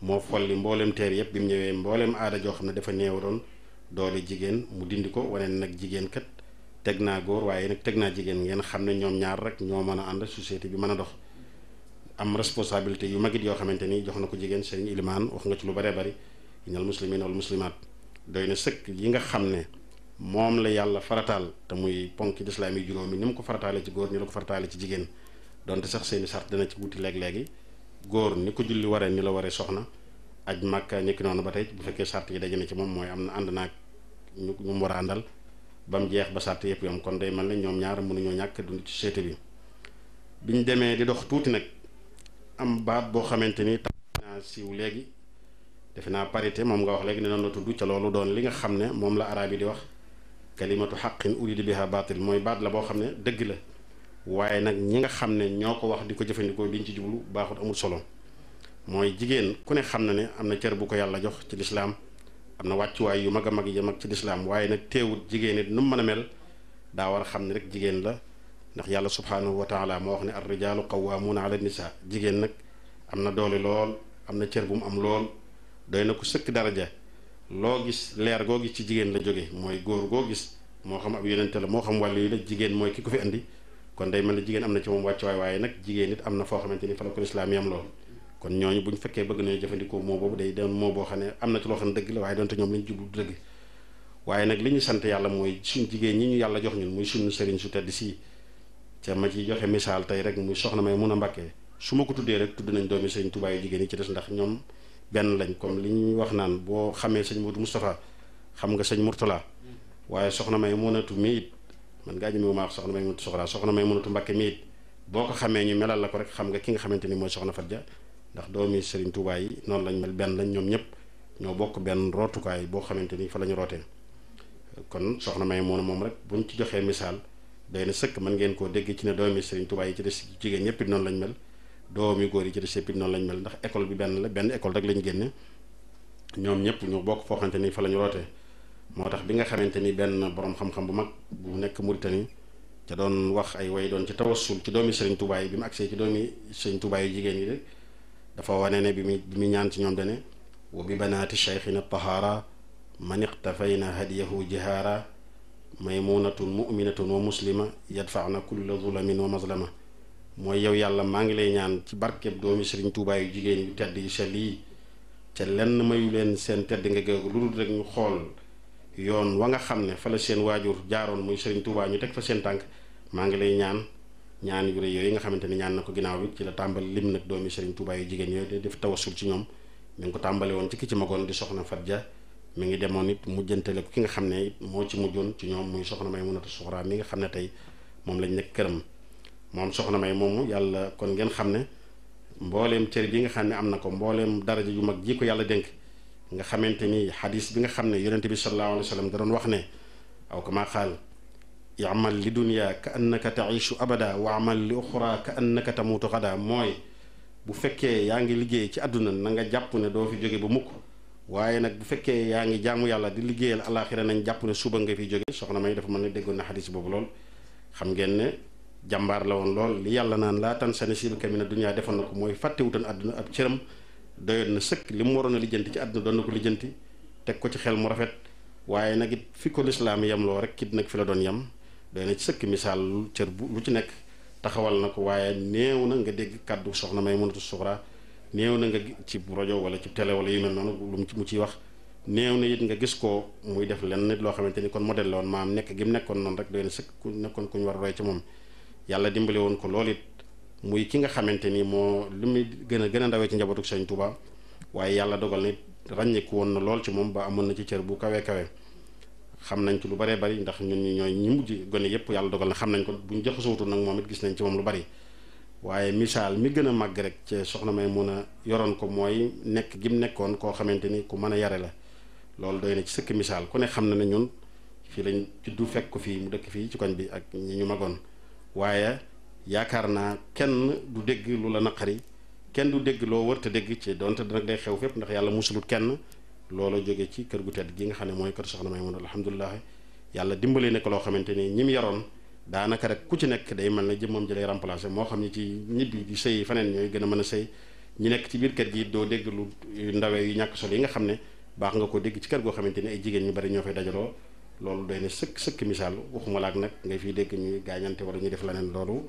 D: moo folli mbooleem teer yëpp bi mu ñëwee mbooleem aada joo xam ne dafa néew doon doole jigéen mu dindi ko wane nag jigéen kat teg naa góor waaye nag teg naa jigéen ngeen xam ne ñoom ñaar rek ñoo mën a ànd société bi mën a dox am responsabilité yu magit yoo xamante ni jox na ko jigéen Serigne Ilimane wax nga ci lu bari bëri inal muslimin wal muslimaat doy na sëkk yi nga xam ne moom la yàlla farataal te muy ponk lislaam yi juróomi ni mu ko farataale ci góor ñu la ko farataale ci jigéen donte sax seeni sart dana ci wuti léeg-léegi góor ni ko julli waree ni la waree soxna aj màkka ñekki noonu ba tey bu fekkee sart yi daje na ci moom mooy am na ànd naag ñu mu war a àndal ba mu jeex ba sàtt yëpp yom kon day mel ne ñoom ñaar mënuñoo ñàkk dund ci société bi biñ demee di dox tuuti nag am baat boo xamante ni tax naa siiw léegi defe naa parité moom nga wax léegi ne noonu la tudd ca loolu doon li nga xam ne moom la arab yi di wax kalimatu xaqin urida biha baatil mooy baat la boo xam ne dëgg la waaye nag ñi nga xam ne ñoo ko wax di ko jëfandikoo liñ ci jublu baaxut amul solo mooy jigéen ku ne xam na ne am na cër bu ko yàlla jox ci lislaam am na wàccuwaay yu mag a mag yi mag ci lislaam waaye nag teewut jigéen it nu mu mën a mel daa war a xam ne rek jigéen la ndax yàlla subhaanahu wa taala moo wax ne ar rijaalu qawwaamuuna ala nisaa jigéen nag am na doole lool am na cër bu mu am lool doy na ko sëkk daraja loo gis leer goo gis ci jigéen la jóge mooy góor goo gis moo xam ab yonente la moo xam wàllu yi la jigéen mooy ki ko fi andi kon day mel ne jigéen am na ci moom wàccuwaay waaye nag jigéen it am na foo xamante ni fa la ko lislaam yam kon ñooñu bu ñu fekkee bëgg nañu jëfandikoo moo boobu day doon moo boo xam ne am na ci loo xam ne dëgg la waaye doonte ñoom lañ jublu dëgg waaye nag li ñu sant yàlla mooy suñ jigéen ñi ñu yàlla jox ñun muy suñu sëriñ su tedd si ca ma ci joxe misaal tey rek muy soxna may mun a mbàkkee su ma ko tuddee rek tudd nañ doomi sëriñ jigéen yi ci des ndax ñoom benn lañ comme li ñuy wax naan boo xamee sëñ Modou Moustapha xam nga sëñ Mourtala waaye soxna may munatu mi it man ngaa ñëme maa wax soxna may munatu soxraa soxna may munatu mbàkke mi it boo ko xamee ñu melal la ko rek xam nga ki nga xamante ni mooy soxna ja ndax doomi Serigne Touba yi noonu lañ mel benn lañ ñoom ñëpp ñoo bokk benn rootukaay boo xamante ni fa la ñu rootee kon soxna May moom moom rek buñ ci joxee misaal day na mën ngeen koo dégg ci ne doomi Serigne Touba des jigéen ñëpp noonu lañ mel doomi góor yi ci des yëpp it noonu lañ mel ndax école bi benn la benn école rek lañ génne ñoom ñëpp ñoo bokk foo xamante ni fa la ñu rootee moo tax bi nga xamante ni benn boroom xam-xam bu mag bu nekk Mauritanie ca doon wax ay way doon ci tawassul ci doomi Serigne Touba bi mu agsee ci doomi Serigne Touba yu jigéen ñi de dafa wane ne bi mu bi mu ñaan ci ñoom dane wa bi banaati cheikhina tahaara man iqtafayna hadiyahu jihaara maymunatun muminatun wa muslima yadfaana kulla zulamin wa mazlama mooy yow yàlla maa ngi lay ñaan ci barkeb doomi sëriñ Tuubaa yu jigéen yu tedd yu sell yi ca lenn mayu leen seen tedd nga géegu lu dul rek ñu xool yoon wa nga xam ne fa la seen waajur jaaroon muy sëriñ Tuubaa ñu teg fa seen tànk maa ngi lay ñaan ñaan yu rëy yooyu nga xamante ni ñaan na ko ginnaaw bi ci la tàmbali lim nag doomi Serigne Touba yu jigéen yooyu di def tawasul ci ñoom mi ngi ko tàmbali woon ci ki ci magoon di soxna ja mi ngi demoon it mujjantale ko ki nga xam ne moo ci mujjoon ci ñoom muy soxna may munata suxraa mi nga xam ne tey moom lañ nekk këram moom soxna may moomu yàlla kon ngeen xam ne mbooleem cere bi nga xam ne am na ko mbooleem daraja yu mag ji ko yàlla dénk nga xamante ni xadis bi nga xam ne yonente bi sallallahu alayhi wa sallam da doon wax ne aw kama xaal yamal li dunya ka annaka taishu abada wa amal li uxra ka annaka tamuutu xada mooy bu fekkee yaa ngi liggéey ci àdduna na nga jàpp ne doo fi jóge ba mukk waaye nag bu fekkee yaa ngi jaamu yàlla di liggéeyal alaxira nañ jàpp ne suba nga fi jóge soxna may dafa mën ne déggoon na xadis boobu lool xam ngeen ne jàmbaar la woon lool li yàlla naan laa tan sa nasiibaka mina dunya defoon na ko mooy fàttewutan àdduna ab cëram doyoon na sëkk li mu waroon a lijjanti ci àdduna doon na ko lijjanti teg ko ci xel mu rafet waaye nag it fi ko lislaam yemloo rek kit nag fi la doon yem doy na ci sëkk misaal lu cër bu lu ci nekk taxawal na ko waaye néew na nga dégg kàddu soxna may mënatu suxra néew na nga ci rajo wala ci télé yu mel noonu lu mu ciy wax néew it nga gis koo muy def lenn nit loo xamante ni kon modèle la woon maam nekk gi mu nekkoon noonu rek doy na sëkk ku nekkoon ku ñu war a roy ci moom yàlla dimbale woon ko lool it muy ki nga xamante ni moo li muy gën a gën a ndawee ci njabootu Sëñ Tuubaa waaye yàlla dogal nit ràññeeku woon na lool ci moom ba amoon na ci cër bu kawee kawe xam nañ ci lu baree bari ndax ñun ñi ñooy ñi mujj gone yépp yàlla dogal na xam nañ ko bu buñ jox sawutul nag moom it gis nañ ci moom lu bari waaye misaal mi gën a màgg rek ci soxna may mun a yoroon ko mooy nekk gi mu nekkoon koo xamante ni ku mën a yare la loolu doy na ci sëkk misaal ku ne xam na ñun fii lañ du fekk ko fii mu dëkk fii ci koñ bi ak ñi ñu magoon waaye yaakaar naa kenn du dégg lu la naqari kenn du dégg loo war te dégg ci donte nag day xew fépp ndax yàlla musulut kenn loola jóge ci kër gu tedd gi nga xam ne mooy kër soxna may mun alhamdulilah yàlla dimbali nekk loo xamante ni ñi mu yaroon daanaka rek ku ci nekk day mel ne jëmmam ji lay remplacer moo xam ne ci nit yi di sëy feneen ñooy gën a mën a sëy ñi nekk ci biir kër gi doo dégg lu ndawee yu ñàkk solo yi nga xam ne baax nga ko dégg ci kër goo xamante ni ay jigéen ñu bari ñoo fay dajaloo loolu doy na sëkk sëkk misaal waxuma laak nag ngay fiy dégg ñuy gaañante wala ñuy def leneen loolu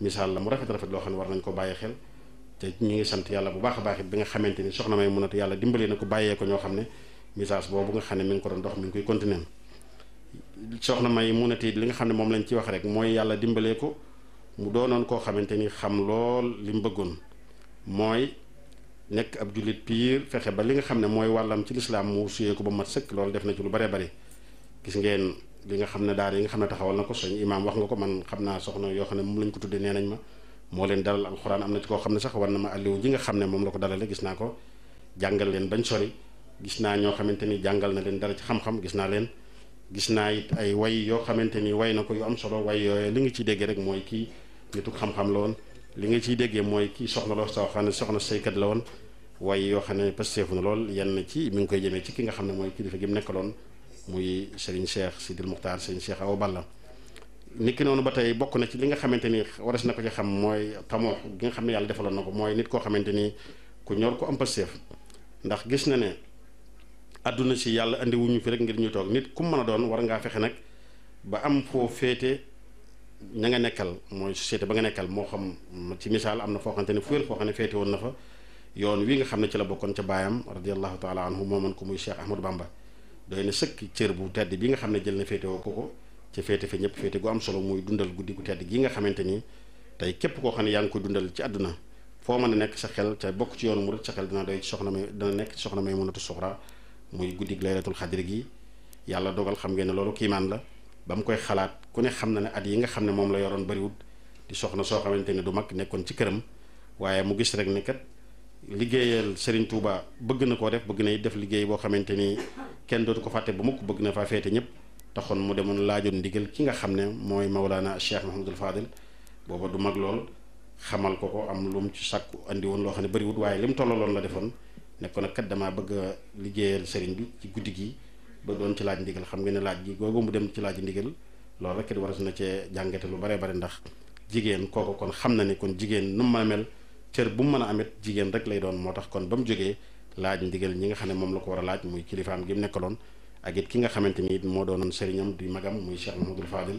D: misaal la loo xam ne war nañ ko bàyyi xel te ñu ngi sant yàlla bu baax a baax it bi nga xamante ni soxna may munatu yàlla dimbali na ko bàyyee ñoo xam ne message boobu nga xam ne mi ngi ko doon dox mi ngi koy continuer soxna may munatu li nga xam ne moom lañ ci wax rek mooy yàlla dimbalee ko mu doonoon koo xamante ni xam lool li mu bëggoon mooy nekk ab jullit piir fexe ba li nga xam ne mooy wàllam ci lislaam mu suyee ko ba mat sëkk loolu def na ci lu bare bare gis ngeen li nga xam ne daara yi nga xam ne taxawal na ko soñ imaam wax nga ko man xam naa soxna yoo xam ne moom lañ ko tuddee nee nañ ma moo leen dalal alxuraan am na ci koo xam ne sax war na ma alliwu ji nga xam ne moom la ko dalale gis naa ko jàngal leen bañ sori gis naa ñoo xamante ni jàngal na leen dara ci xam-xam gis naa leen gis naa it ay way yoo xamante ni way na ko yu am solo way yooyu li nga ciy déggee rek mooy kii nitu xam-xam la woon li nga ciy déggee mooy kii soxna la soo xam ne soxna saykat la woon way yoo xam ne pasteefu na lool yenn ci mi ngi koy jëmee ci ki nga xam ne mooy kilifa gi mu nekkaloon muy Serigne Cheikh Sidil Muxtaar Serigne Cheikh Awa Balla niki noonu ba tey bokk na ci li nga xamante ni waras na ko xam mooy tamoo gi nga xam ne yàlla defaloon na ko mooy nit koo xamante ni ku ñor ku am pastéef ndax gis na ne àdduna si yàlla andi wuñu fi rek ngir ñu toog nit ku a doon war ngaa fexe nag ba am foo féete ña nga nekkal mooy société ba nga nekkal moo xam ci misaal am na foo xamante ni fu foo xam ne féete woon na fa yoon wi nga xam ne ci la bokkoon ca baayam radiallahu taala anhu mooman ko muy Cheikh Ahmadou Bamba doy na sëkk cër bu tedd bi nga xam ne jël na féete ko ko ci féete fi ñëpp féete gu am solo muy dundal guddi gu tedd gi nga xamante ni tey képp koo xam ne yaa ngi koy dundal ci àdduna foo mën a nekk sa xel ca bokk ci yoonu murit sa xel dina doy ci soxna may dina nekk soxna may mënatu soxra muy guddi gi laylatul xadir gi yàlla dogal xam ngeen ne loolu kiimaan la ba mu koy xalaat ku ne xam na ne at yi nga xam ne moom la yoroon bariwut di soxna soo xamante ne du mag nekkoon ci këram waaye mu gis rek ne kat liggéeyal Serigne Touba bëgg na koo def bëgg na def liggéey boo xamante ni kenn dootu ko fàtte ba mukk bëgg na faa féete ñëpp taxoon mu demoon laajoon ndigal ki nga xam ne mooy Maulana Cheikh Mahamadul Fadil booba du mag lool xamal ko ko am lu mu ci andi woon loo xam ne bëriwut waaye li mu tollaloon la defoon ne ko nag kat damaa bëgg a liggéeyal bi ci guddi gi ba doon ci laaj ndigal xam nga ne laaj gi googu mu dem ci laaj ndigal loolu rek it war na cee jàngate lu bare bare ndax jigéen kooku kon xam na ne kon jigéen nu mu mën a mel mu mën a amit jigéen rek lay doon moo tax kon ba mu jógee laaj ndigal ñi nga xam ne moom la ko war a laaj muy kilifaam gi mu nekkaloon ak it ki nga xamante ni it moo doonoon sëriñam di magam muy Cheikh Mahamadul Fadil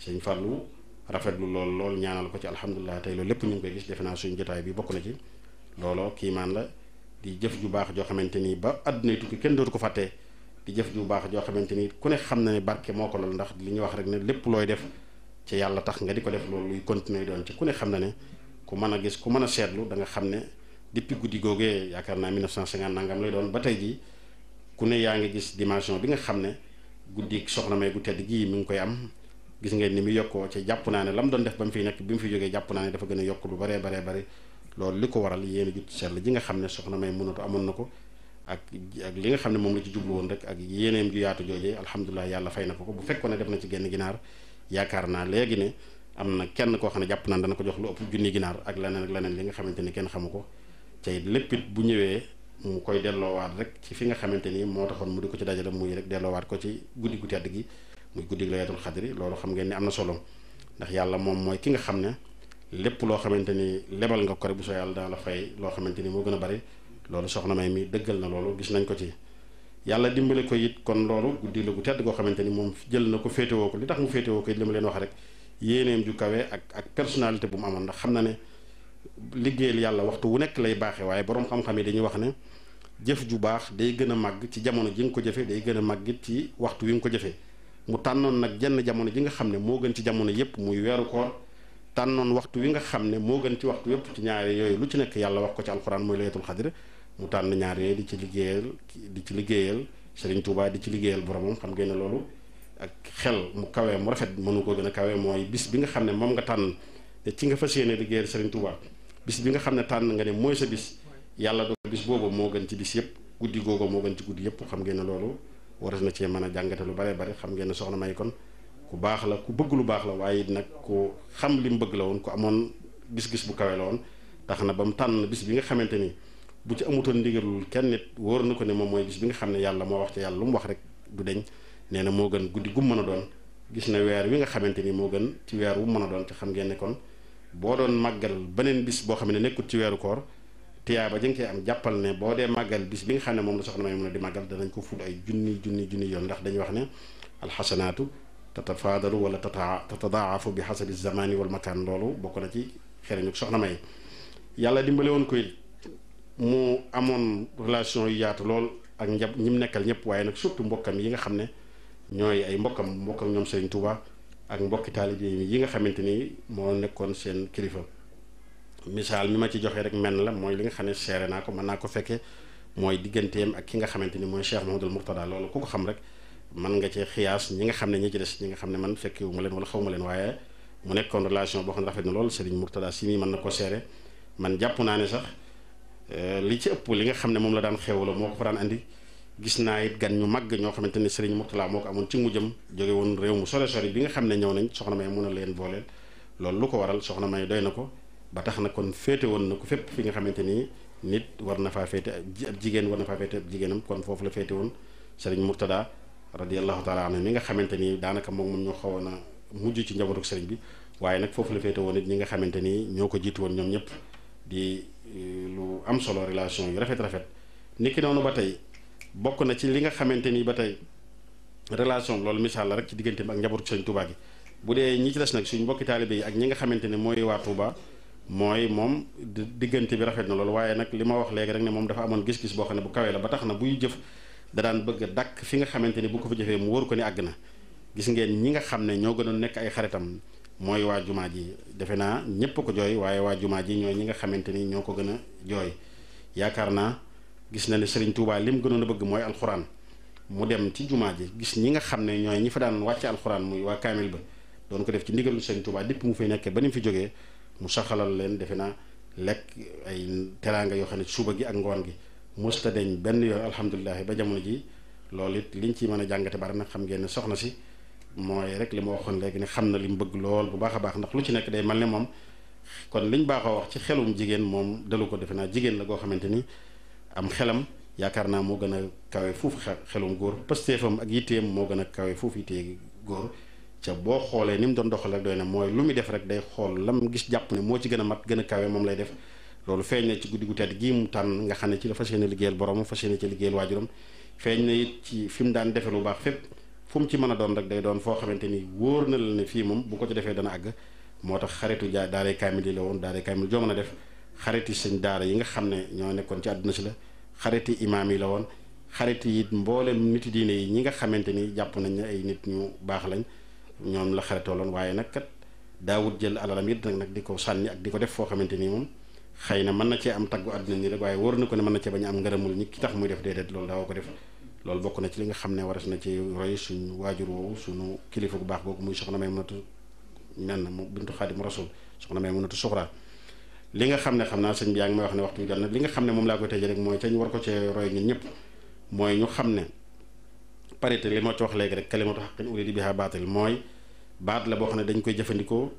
D: sëñ Fallou rafetlu lool lool ñaanal ko ci alhamdulilah tey loolu lépp ñu ngi koy gis defe naa suñu jotaay bi bokk na ci looloo kiimaan la di jëf ju baax joo xamante ni ba àdduna tukki kenn dootu ko fàttee di jëf ju baax joo xamante ni ku ne xam na ne barke moo ko lool ndax li ñuy wax rek ne lépp looy def ci yàlla tax nga di ko def loolu luy continuer doon ci ku ne xam ne ne ku mën a gis ku mën a seetlu da nga xam ne depuis guddi googee yaakaar naa 1950 nangam lay doon ba tey jii ku ne yaa ngi gis dimension bi nga xam ne guddi soxna may gu tedd gii mi ngi koy am gis ngeen ni mu yokkoo ci jàpp naa ne la mu doon def ba mu fiy nekk bi mu fi jógee jàpp naa ne dafa gën a yokk lu bare baree bari loolu li ko waral yéen a jut ji nga xam ne soxna may mënatu amoon na ko ak li nga xam ne moom la ci jublu woon rek ak yéeneem ju yaatu joojee alhamdulilah yàlla fay na ko ko bu fekkoon ne def na ci genn ginaar yaakaar naa léegi ne am na kenn koo xam ne jàpp naan dana ko jox lu ëpp junni ginaar ak leneen ak leneen li nga xamante ni kenn xamu ko te lépp bu ñëwee mu koy delloowaat rek ci fi nga xamante ni moo taxoon mu di ko ci mu muy rek delloowaat ko ci guddi gu tedd gi muy guddi laylatul xadri loolu xam ngeen ni am na solo ndax yàlla moom mooy ki nga xam ne lépp loo xamante ni lebal nga ko rek bu soo yàlla daal la fay loo xamante ni moo gën a bari loolu soxna may mi dëggal na loolu gis nañ ko ci yàlla dimbale ko it kon loolu guddi la gu tedd xamante ni moom jël na ko féetewoo ko li tax mu féetewoo ko it li ma leen wax rek yéeneem ju kawe ak ak personnalité bu mu amoon ndax xam na ne liggéeyal yàlla waxtu wu nekk lay baaxee waaye borom xam yi dañuy wax ne jëf ju baax day gën a màgg ci jamono ji nga ko jëfee day gën a màgg ci waxtu wi nga ko jëfee mu tànnoon nag jenn jamono ji nga xam ne moo gën ci jamono yépp muy weeru koor tànnoon waxtu wi nga xam ne moo gën ci waxtu yépp ci ñaari lu ci nekk yàlla wax ko ci alxuraan mooy layatul xadir mu tànn ñaar yooyu di ci liggéeyal di ci liggéeyal Serigne Touba di ci liggéeyal boromam xam ngeen ne loolu ak xel mu kawee mu rafet mënu ko gën a kawee mooy bis bi nga xam ne moom nga tànn te ci nga fas yéene liggéeyal Serigne Touba bis bi nga xam ne tànn nga ne mooy sa bis yàlla dogal bis boobu moo gën ci bis yëpp guddi googu moo gën ci guddi yëpp xam ngeen ne loolu waras na cee mën a jàngate lu bare bare xam ngeen ne soxna may kon ku baax la ku bëgg lu baax la waaye nag ku xam li mu bëgg la woon ku amoon gis-gis bu kawe la woon tax na ba mu tànn bis bi nga xamante ni bu ci amutoon ndigalul kenn nit wóor na ko ne moom mooy bis bi nga xam ne yàlla moo wax ci yàlla lu mu wax rek du deñ nee na moo gën guddi gu mën a doon gis na weer wi nga xamante ni moo gën ci mën a doon ci xam ngeen ne kon boo doon beneen bis boo xam ne nekkut ci weeru koor tiyaaba jëng cee am jàppal ne boo dee màggal bis bi nga xam ne moom la soxna may mun a di màggal danañ ko ful ay junni junni junni yoon ndax dañuy wax ne alxasanaatu tatafaadalu wala tata tatadaafu bi xasabi zamani wal makaan loolu bokk na ci xereñu soxna may yàlla dimbale woon ko mu amoon relation yu yaatu lool ak njab ñi mu nekkal ñëpp waaye nag surtout mbokkam yi nga xam ne ñooy ay mbokkam mbokkam ñoom Serigne Touba ak mbokki taalibe yi nga xamante ni moo nekkoon seen kilifa. misaal mi ma ci joxe rek men la mooy li nga xam ne seere naa ko mën naa ko fekkee mooy digganteem ak ki nga xamante ni mooy Cheikh Mahamadul Murtada loolu ko xam rek mën nga cee xiyaas ñi nga xam ne ñi ci des ñi nga xam ne man fekke wu ma leen wala xaw ma leen relation boo xam ne rafet na loolu Serigne Murtada si mii mën na ko seere man jàpp naa ne sax euh, li ci ëpp li nga xam ne moom la daan xewaloo moo ko fa daan indi gis naa it gan ñu màgg ñoo xamante ni Serigne Murtada moo ko amoon ci mu jëm jóge woon réew mu sore sori bi nga xam ne ñëw nañ soxna may mun a leen booleel loolu lu ko waral soxna may doy na ko ba tax na kon féete woon na ko fépp fi nga xamante ni nit war na faa féete ab jigéen war na faa féete jigéenam kon foofu la féete woon sëriñ Murtada radiallahu taala anhu mi nga xamante ni daanaka moom moom ñoo xawoon a mujj ci njabootu sëriñ bi waaye nag foofu la féete woon it ñi nga xamante ni ñoo ko jiitu woon ñoom ñëpp di eh, lu am solo relation yu rafet rafet niki noonu ba tey bokk na ci li nga xamante ni ba tey relation loolu misaal la rek ci diggante bi ak njabootu sëriñ Touba gi bu dee ñi ci des nag suñ mbokki taalibe ak ñi nga xamante ne mooy waa Touba mooy moom diggante bi rafet na loolu waaye nag li ma wax léegi rek ne moom dafa amoon gis-gis boo xam ne bu kawee la ba tax na buy jëf da daan bëgg a dàkk fi nga xamante ni bu ko fa jëfee mu wóor ko ni àgg na gis ngeen ñi nga xam ne ñoo gënoon nekk ay xaritam mooy waa ji defe naa ñépp ko jooy waaye waa ji ñooy ñi nga xamante ni ñoo ko gën a jooy yaakaar naa gis na ne Serigne Touba li mu gënoon a bëgg mooy alxuraan mu dem ci jumaa ji gis ñi nga xam ne ñooy ñi fa daan wàcce alxuraan muy waa kaamil ba doon ko def ci ndigalu Serigne Touba dépp mu fay nekkee ba ni mu fi jógee mu saxalal leen defe naa lekk ay teraanga yoo xam ne suba gi ak ngoon gi musta deñ benn yoon alhamdulilah ba jamono ji loolu it liñ ci mën a jàngate bari nag xam ngeen ne soxna si mooy rek li ma waxoon léegi ne xam na li mu bëgg lool bu baax a baax ndax lu ci nekk day mel ne moom kon liñ baaxoo wax ci xelum jigéen moom dalu ko defe naa jigéen la goo xamante ni am xelam yaakaar naa moo gën a kawe fuuf xelum góor pësteefam ak yitteem moo gën a kawe fuuf yittee góor ca boo xoolee ni mu doon doxal rek dooy na mooy lu muy def rek day xool lam gis jàpp ne moo ci gën a mat gën a kawe moom lay def loolu feeñ na ci guddi gu tedd gii mu tànn nga xam ne ci la fas yéene liggéeyal boromam fas yéene ci liggéeyal waajuram feeñ na it ci fi mu daan defe lu baax fépp fu mu ci mën a doon rek day doon foo xamante ni wóor na la ne fii moom bu ko ci defee dana àgg moo tax xaritu jaa daaray kaamil la woon daaray kaamil joo mën a def sëñ daara yi nga xam ne ñoo nekkoon ci àdduna si la xariti imaam yi la woon xariti it mboolem niti diine yi ñi nga xamante ni jàpp nañ ay nit ñu baax lañ ñoom la xaritoo loon waaye nag kat daawut jël alalam it nag di ko sànni ak di ko def foo xamante nii moom xëy na mën na cee am taggu àdduna nii rek waaye war na ko ne mën na cee bañ am ngërëmul ñi ki tax muy def déedéet loolu daawa ko def loolu bokk na ci li nga xam ne waras na ci roy suñu waajur woowu suñu kilifa gu baax googu muy soxna may mënatu menn mu bintu xaadim rasul soxna may mënatu suxra li nga xam ne xam naa sëñ bi yaa ngi may wax ne waxtu bi dal na li nga xam ne moom laa koy tëjee rek mooy ca ñu war ko cee roy ñun ñëpp mooy ñu xam ne parité li ma ci wax léegi rek kalimatu xaqin urida biha baatil mooy baat la boo xam ne dañ koy jëfandikoo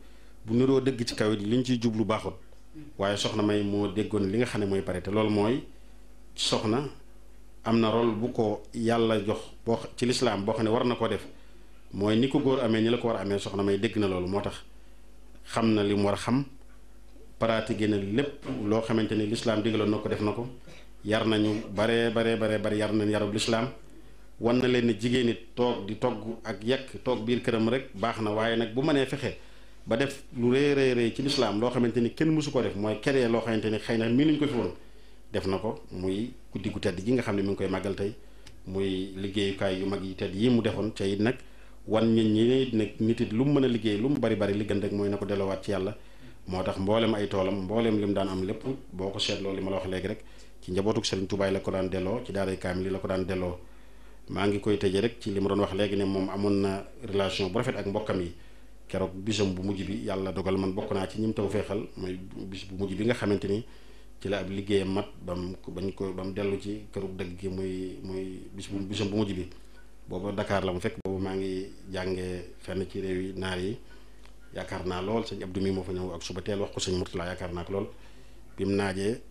D: bu niroo dëgg ci kaw li ñu ciy jublu baaxul waaye soxna may moo déggoon li nga xam ne mooy parité loolu mooy soxna am na rôle bu ko yàlla jox boo ci lislaam boo xam ne war na ko def mooy ni ko góor amee ni la ko war amee soxna may dégg na loolu moo tax xam na li mu war a xam pratiqué na lépp loo xamante ni lislaam digaloon na ko def na ko yar nañu bare bare bare bare yar nañ yarub lislaam wan na leen ne jigéen it toog di togg ak yekk toog biir këram rek baax na waaye nag bu mënee fexee ba def lu rëy rëy rëy ci lislaam loo xamante ni kenn mësu ko def mooy keree loo xamante ni xëy na mii nuñ ko fi woon na ko muy guddi gu tedd gi nga xam ne ngi koy màggal tey muy liggéeyukaay yu mag yi tedd yi mu defoon ca it nag wan ñit ñi nag nit it lu mu mën a liggéey lu mu bari bari li gën rek mooy na ko delluwaat ci yàlla moo tax mboolem ay toolam mboolem lim daan am lépp boo ko seetloo li ma la wax léegi rek ci njabootuk Serigne Touba la ko daan delloo ci daaray kaamil la ko daan delloo maa ngi koy tëjee rek ci li ma doon wax léegi ne moom amoon na relation bu rafet ak mbokkam yi keroog bisam bu mujj bi yàlla dogal man bokk naa ci ñim taw feexal mooy bis bu mujj bi nga xamante ni ci la ab liggéeyam mat ko ba dellu ci këru dëgg muy muy bis bu bu mujj bi booba ndakaar la mu fekk boobu maa ngi jàngee fenn ci réew yi naar yi yaakaar naa lool sëñ du mi moo fa ñëw ak suba teel wax ko sëñ Mourtala yaakaar naa ko lool bi mu naajee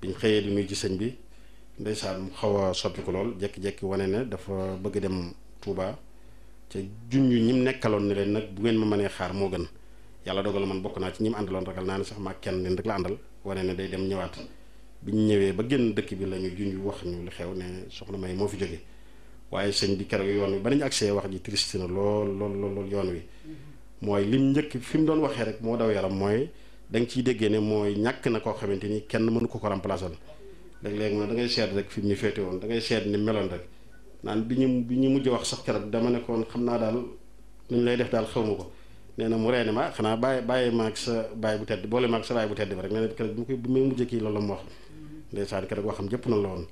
D: biñ xëyee di nuyu ci sëñ bi ndeysaan mu xaw a soppi ko lool jékki-jékki wane na dafa bëgg dem Touba te junj ñi mu nekkaloon ne leen nag bu ngeen ma mënee xaar moo gën yàlla dogal man bokk naa ci ñi àndaloon ragal naa ne sax ma kenn leen rek la àndal wane ne day dem ñëwaat bi ñu ñëwee ba génn dëkk bi la ñu junj wax ñu li xew ne soxna May moo fi jóge waaye sëñ bi keroog yoon wi ba nañu accès wax ji triste na lool lool lool yoon wi mm-hmm. mooy lim njëkk fi mu doon waxee rek moo daw yaram mooy da ciy déggee mooy ñàkk na koo xamante ni kenn mënu ko ko remplacer léeg-léeg nag da ngay seet rek fi mu ñu féete woon da ngay seet ni meloon rek naan bi ñu bi ñu mujj wax sax keroog dama nekkoon xam naa daal nuñ lay def daal xaw ma ko nee na mu reeni ma ah, xanaa bàyyi bàyyi maag sa bàyyi bu tedd boole maag sa bu tedd ba rek nee na keroog bi mu koy bi muy mujj kii loolu la mu wax ndeysaan keroog waxam jëpp na la woon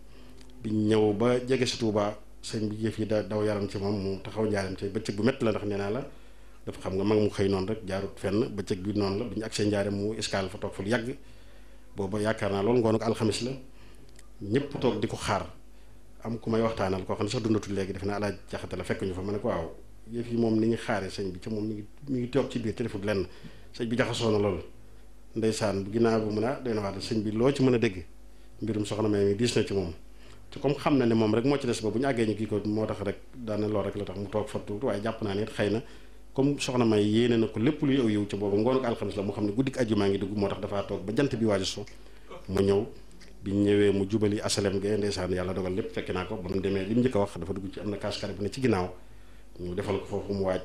D: bi ñëw ba jege si tuubaa sëñ bi jëf yi da daw yaram ci moom mu taxaw njaaram ci bëccëg bu métti la ndax nee naa la dafa xam nga mag mu xëy noonu rek jaarut fenn bëccëg bi noonu la bi ñu agsee njaaram mu escale fa toog fa lu yàgg booba yaakaar naa loolu ngoon ak alxamis la ñëpp toog di ko xaar am ku may waxtaanal koo xam ne sax dundatul léegi def naa alaaj jaxate la fekk ñu fa ma ne ko waaw yëf yi moom ni ñu xaaree sëñ bi ca moom mi ngi mi ngi toog ci biir téléphone lenn sëñ bi jaxasoo na lool ndeysaan ginnaaw bu mën a ah doy na waat sëñ bi loo ci mën a dégg mbirum soxna May mi diis na comme xam na ne moom rek moo ci des ba bu ñu àggee ñu kii ko moo tax rek daana lool rek la tax mu toog fa tuuti waaye jàpp naa ne it na comme soxna May yéene na ko lépp lu aw yiw ca boobu ngoon ak alxames la mu xam ne guddik àjjuma ngi dugg moo tax dafaa toog ba jant bi waaju so mu ñëw biñ ñëwee mu jubali asalem ge ndeysaan yàlla dogal lépp fekke naa ko ba mu demee li mu njëkk a wax dafa dugg ci am na kaaskare bu ne ci ginnaaw ñu defal ko foofu mu waaj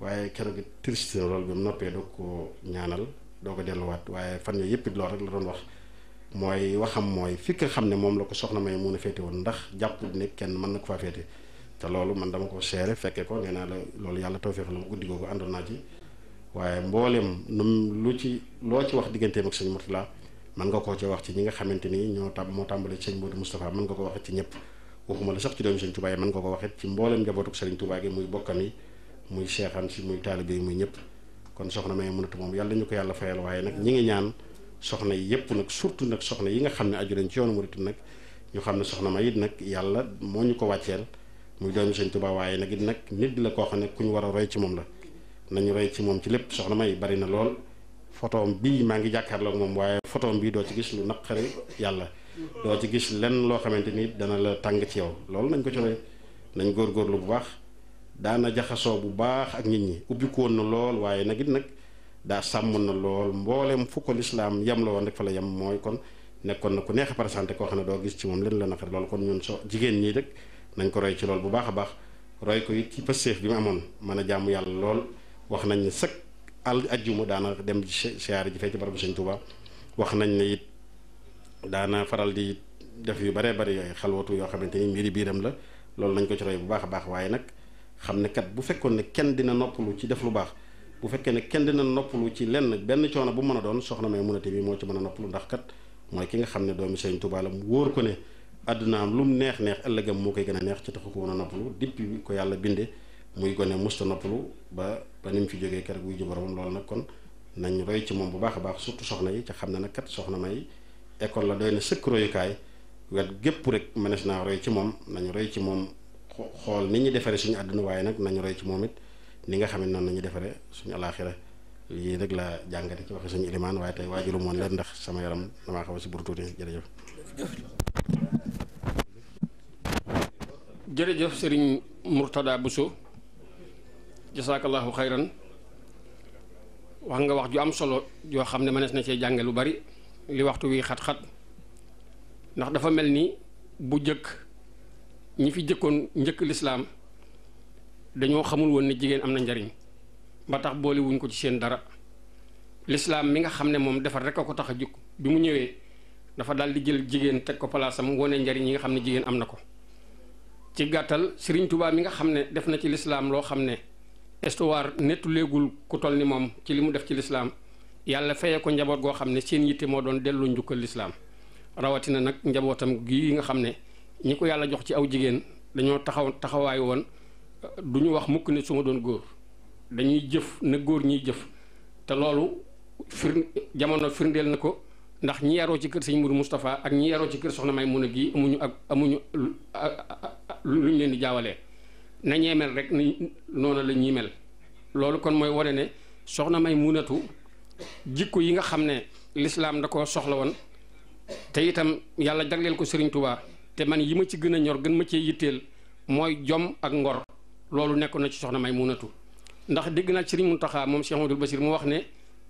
D: waaye keroog it triste na lool ba mu noppee doog ko ñaanal doo ko delluwaat waaye fan yooyu yëpp it rek la doon wax mooy waxam mooy fi nga xam ne moom la ko soxna may mun a féete woon ndax jàpp ne kenn mën na ko faa féete te loolu man dama ko seere fekkee ko nee naa la loolu yàlla tawfeex la ma guddi googu àndoon naa ci waaye mboolem nu lu ci loo ci wax digganteem ak sëñ Murtala man nga ko ci wax ci ñi nga xamante ni ñoo tam moo tàmbale ci sëñ Modou Moustapha nga ko waxit ci ñëpp waxuma la sax ci doomi sëñ Touba yi muy bokkam yi muy seexam si muy taalibe yi muy ñëpp kon soxna may mënatu moom yàlla ñu ko yàlla fayal waaye nag ñi ngi ñaan soxna yëpp nag surtout nag soxna yi nga xam ne aju nañ ci yoonu murit nag ñu xam ne soxna ma it nag yàlla moo ñu ko wàcceel muy doomi sëñ tubaa waaye nag it nag nit la koo xam ne ku ñu war a roy ci moom la nañu roy ci moom ci lépp soxna may bari na lool photom bii maa ngi jàkkaarloog moom waaye photom bii doo ci gis lu naqari yàlla doo ci gis lenn loo xamante ni dana la tàng ci yow loolu nañ ko cole nañ góorgóorlu bu baax daana jaxasoo bu baax ak nit ñi ubbikoon na lool waaye nag it nag daa sàmmoon na lool mboolem fu ko lislaam yem la woon rek fa la yem mooy kon nekkoon na ku neex a koo xam ne doo gis ci moom lenn la naqari loolu kon ñun so jigéen ñi rek nañ ko roy ci lool bu baax a baax roy ko it ci bi mu amoon mën a jaamu yàlla lool wax nañ ne sëkk al ajjuma daana dem siyaare ji fee ci barabu sëñ Tuuba wax nañ ne it daana faral di def yu baree bari ay xalwatu yoo xamante ni mbiri biiram la loolu nañ ko ci roy bu baax a baax waaye nag xam ne kat bu fekkoon ne kenn dina noppalu ci def lu baax bu fekkee ne kenn dina noppalu ci lenn benn coono bu mën a doon soxna may munate bi moo ci mën a noppalu ndax kat mooy ki nga xam ne doomi sëñ Tuuba la mu wóor ko ne am lu mu neex neex ëllëgam moo koy gën a neex ci taxu ko woon a nopp noppalu depuis ko yàlla bindee muy gone musta noppalu ba ba ni mu fi jógee keroog wuy ji loolu nag kon nañ roy ci moom bu baax a baax surtout soxna yi ca xam ne nag kat soxna may école la doy na sëkk royukaay wet gépp rek mënees naa roy ci moom nañu roy ci moom xool ni ñu defaree suñu àdduna waaye nag nañu roy ci moom it ni nga xam ne noonu nañu defaree suñu alaaxira lii rek la jàngate ci waxe suñu ilimaan waaye tey waajulu moon leen ndax sama yaram damaa xaw a si buru tuuti
C: jërëjëf jërëjëf sëriñ jasaakallaahu xayran wax nga wax ju am solo joo xam ne mënees na cee jànge lu bari li waxtu wi xat-xat ndax dafa mel ni bu jëkk ñi fi jëkkoon njëkk lislaam dañoo xamul woon ne jigéen am na njariñ ba tax boole wuñ ko ci seen dara lislaam mi nga xam ne moom defar rek a ko tax a jug bi mu ñëwee dafa daal di jël jigéen teg ko palaasam wone njariñ yi nga xam ne jigéen am na ko ci gàttal Sëriñ tubaab mi nga xam ne def na ci lislaam loo xam ne histoire nettuleegul ku toll ni moom ci li mu def ci lislaam yàlla fayee ko njaboot goo xam ne seen yitte moo doon dellu njukkal lislaam rawatina nag njabootam gii nga xam ne ñi ko yàlla jox ci aw jigéen dañoo taxaw taxawaay woon du ñu wax mukk ne suma doon góor dañuy jëf na góor ñiy jëf te loolu fir jamono firndeel na ko ndax ñi yaroo ci kër sëñ Mourou Moustapha ak ñi yaroo ci kër Soxna May mun a gii amuñu ak amuñu luñ leen di jaawalee na ñee mel rek ni noonu la ñuy mel loolu kon mooy wane ne soxna may munatu jikko yi nga xam ne lislaam da koo soxla woon te itam yàlla jagleel ko Serigne Touba te man yi ma ci gën a ñor gën ma cee yitteel mooy jom ak ngor loolu nekk na ci soxna may munatu ndax dégg naa Serigne taxaa moom Cheikh Amadou Bassir mu wax ne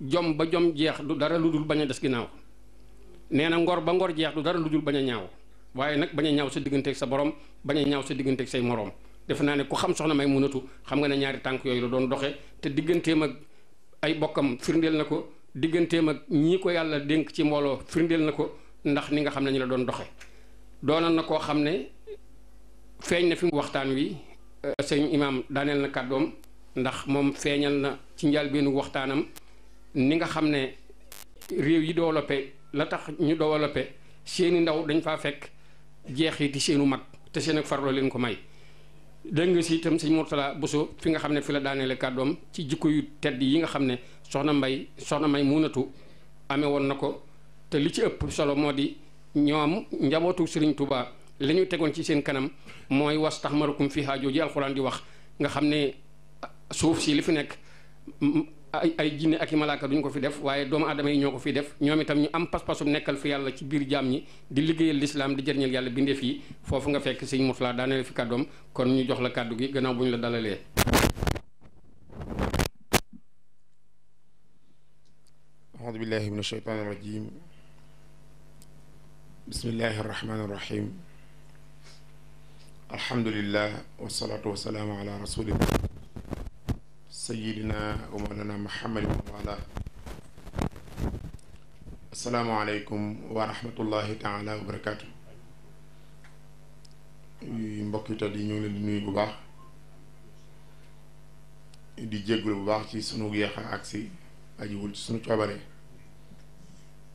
C: jom ba jom jeex du dara lu dul bañ a des ginnaaw nee na ngor ba ngor jeex du dara lu dul bañ a ñaaw waaye nag bañ a ñaaw sa digganteeg sa borom bañ a ñaaw sa digganteeg say moroom defe naa ne ku xam soxna may munatu xam nga ne ñaari tànk yooyu la doon doxe te digganteem ak ay bokkam firndeel na ko digganteem ak ñii ko yàlla dénk ci mbooloo firndeel na ko ndax ni nga xam ne ñu la doon doxee doonoon na koo xam ne feeñ na fi mu waxtaan wi euh, sëñ imaam daaneel na kàddoom ndax moom feeñal na ci njëlbeenu waxtaanam ni nga xam ne réew yi développé la tax ñu développé seeni ndaw dañ faa fekk jeex yi di seenu mag te seen ak farlo leen ko may dégg nga si itam sëñ Mourtala Bousso fi nga xam ne fi la daaneele kàddoom ci jikko yu tedd yi nga xam ne soxna mbay soxna may muunatu amee woon na ko te li ci ëpp solo moo di ñoom njabootu Serigne Touba li ñu tegoon ci seen kanam mooy was tax marukum fi haajoo ji alxuraan di wax nga xam ne suuf si li fi nekk ay ay jinne ak i malaaka duñ ko fi def waaye doomu aadama yi ñoo ko fi def ñoom itam ñu am pas-pasum nekkal fi yàlla ci biir jaam ñi di liggéeyal lislaam di jëriñal yàlla bindeef fii foofu nga fekk sëñ Murtala daaneel fi kàddoom kon ñu jox la kàddu gi gannaaw bu ñu la dalalee
E: aoudu billahi min asheytaani sayidina wa mawlana muhammadin assalaamu aleykum wa rahmatullahi wa barakaatu mbokki tedd yi ñu ngi leen di nuyu bu baax di jéggul bu baax ci sunu yeex a agsi ajiwul ci sunu coobare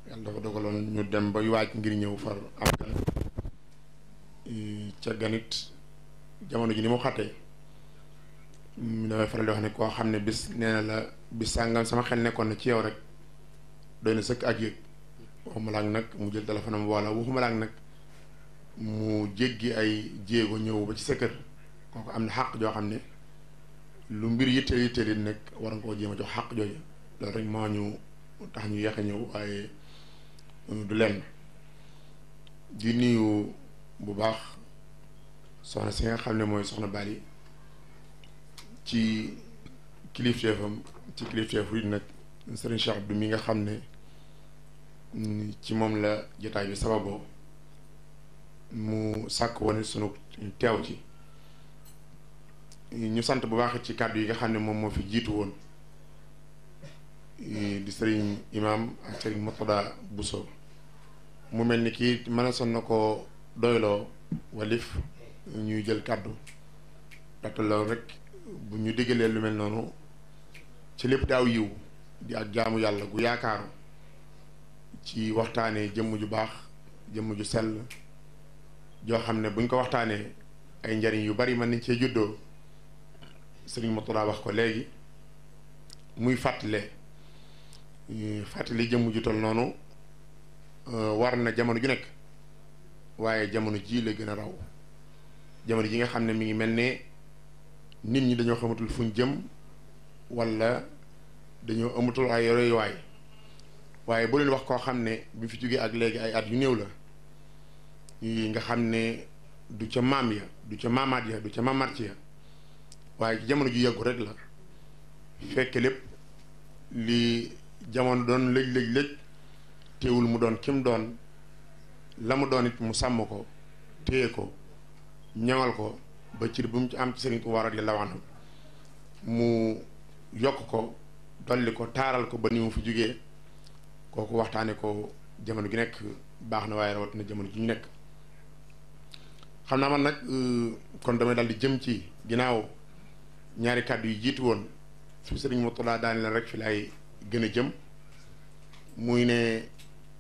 E: yàlla dafa dogaloon ñu dem bay waaj ngir ñëw far am gan ca ganit jamono ji ni mu xattee Mm, damay faral yoo wax ne koo xam ne bis nee na la bis sàngam sama xel nekkoon na ci yow rek doy na sëkk ak yëg waxuma nag mu jël téléphone am wala waxuma laak nag mu jéggi ay jéego ñëw ba ci sa kër kooku am na xàq joo xam ne lu mbir yitteel yitteel it nekk war nga koo jéem a jox xàq jooju loolu rek moo ñu tax ñu yéex a ñëw waaye euh, du lenn di nuyu bu baax soxna si nga xam ne mooy soxna Bali. ci kilifteefam ci kilifteefu yi nag sëriñ Cheikh Abdou mi nga xam ne ci moom la jotaay bi sababoo mu sàkk woon sunu teew ci ñu sant bu baax ci kàddu yi nga xam ne moom moo fi jiitu woon di sëriñ imam ak sëriñ Mourtada Bousso mu mel ni kii mën a son na ko doyloo walif ñuy jël kàddu gàttal loolu rek bu ñu diggalee lu mel noonu ci lépp daaw yiw di ak jaamu yàlla gu yaakaaru ci waxtaanee jëmm ju baax jëmm ju sell joo xam ne buñ ko waxtaanee ay njariñ yu bari mën nañ cee juddoo sëriñ Mourtada wax ko léegi muy fàttale fàttali jëmm ju tol noonu euh, war na jamono ju nekk waaye jamono ji la gën a raw jamono ji nga xam ne mi ngi mel ne nit ñi dañoo xamatul fuñ jëm wala dañoo amatul ay royuwaay waaye bu leen wax koo xam ne bi fi jógee ak léegi ay at yu néew la yi nga xam ne du ca maam ya du ca maamaat ya du ca maamaat ya waaye ci jamono ju yàggu rek la fekke lépp li jamono doon lëj lëj lëj téewul mu doon kim doon la mu doon it mu sàmm ko téye ko ñaŋal ko ba cir bu mu ci am ci ko Tuubaa radiyallaahu anhu mu yokk ko dolli ko taaral ko ba ni mu fi jógee kooku waxtaane ko jamono gi nekk baax na waaye na jamono gi ñu nekk xam naa man nag euh, kon damay daal di jëm ci ginnaaw ñaari kàddu yi jiitu woon su Sëriñ Murtadaa daane leen rek fi laay gën a jëm muy ne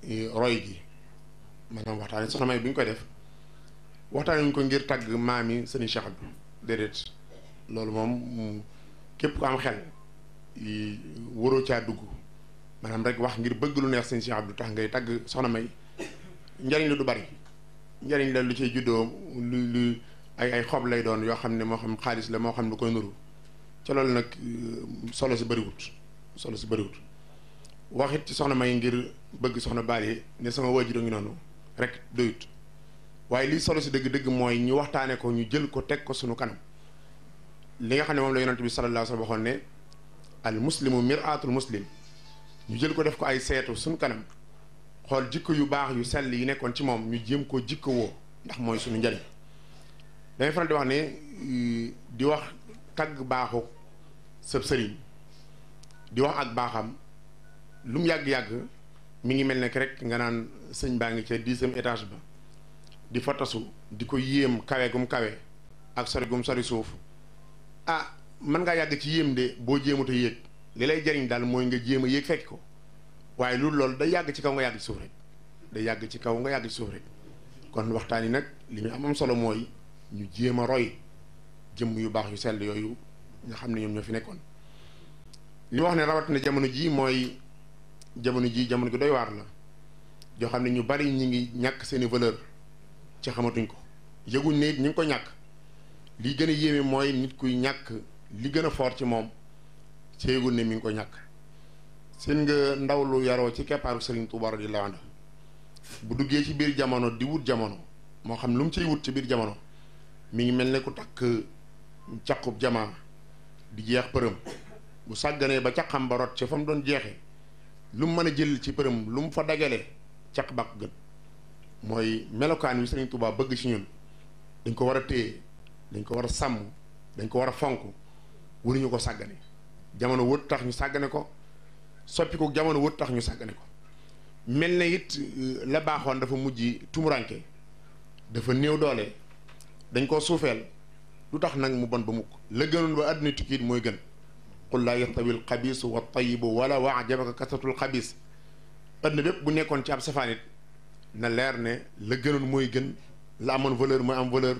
E: euh, roy gi ma waxtaane soxna May bi ñu koy def waxtaanuñ ko ngir tàgg maam yi sëñ Cheikh bi déedéet loolu moom képp ko am xel waroo caa dugg maanaam rek wax ngir bëgg lu neex sëñ Cheikh Abdou tax ngay tàgg soxna May njariñ la du bari njariñ la lu ciy juddoo lu lu ay ay xob lay doon yoo xam ne moo xam xaalis la moo xam ne lu koy nuru ca loolu nag euh, solo si bëriwut solo si bëriwut waxit ci soxna May ngir bëgg soxna Bally ne sama waajur a ngi noonu rek doyut waaye liy solo si dëgg-dëgg mooy ñu waxtaanee ko ñu jël ko teg ko suñu kanam li nga xam ne moom la yonent bi sallallahu alayhi wa sallam waxoon ne al muslimu mir'atul muslim ñu jël ko def ko ay seetu suñ kanam xool jikko yu baax yu sell yi nekkoon ci moom ñu jéem ko jikk woo ndax mooy suñu njariñ damay faral di wax ne di wax tagg baaxu sëb sëriñ di wax ak baaxam lu mu yàgg-yàgg mu ngi mel ne rek nga naan sëñ baa ngi ca dixième étage ba di fa tasu di ko yéem kawe gum kawe ak sori gum sori suuf ah man ngaa yàgg ci yéem de boo jéemut a yéeg li lay jariñ daal mooy nga jéem a yéeg fekk ko waaye loolu loolu day yàgg ci kaw nga yàgg ci suuf rek day yàgg ci kaw nga yàgg ci kon waxtaan yi nag li muy am am solo mooy ñu jéem a roy jëmm yu baax yu sell yooyu nga xam ne ñoom ñoo fi nekkoon li wax ne rawat na jamono ji mooy jamono ji jamono gi doy waar la joo xam ne ñu bari ñu ngi ñàkk seeni valeur ci xamatuñ ko yëguñ ne it ñu ngi ko ñàkk li gën a yéeme mooy nit kuy ñàkk li gën a fort ci moom ci yëguñ ne mi ngi ko ñàkk seen nga ndaw lu yaroo ci keppaaru Serigne Touba di anhu bu duggee ci biir jamono di wut jamono moo xam lu mu ciy wut ci biir jamono mi ngi mel ne ku takk caqub jamaa di jeex përëm bu sàgganee ba caqam ba rot ci fa mu doon jeexee lu mu mën a jël ci përëm lu mu fa dagalee caq bàq gën mooy melokaan wi Serigne Touba bëgg ci ñun dañ ko war a téye dañ ko war a sàmm dañ ko war a fonk waruñu ko sàggane jamono wët tax ñu sàggane ko soppi ko jamono wët tax ñu sàggane ko mel na it euh, la baaxoon dafa mujj tumuraanke dafa néew doole dañ koo suufeel lu tax nag mu bon ba mukk la gënoon ba àdduna tukkiit mooy gën qul laa yastawi al xabiisu wa tayibu wala wa ajabaka kasratul xabiis àdduna bépp bu nekkoon ci ab safaanit na leer ne la gënoon mooy gën la amoon valeur mooy am valeur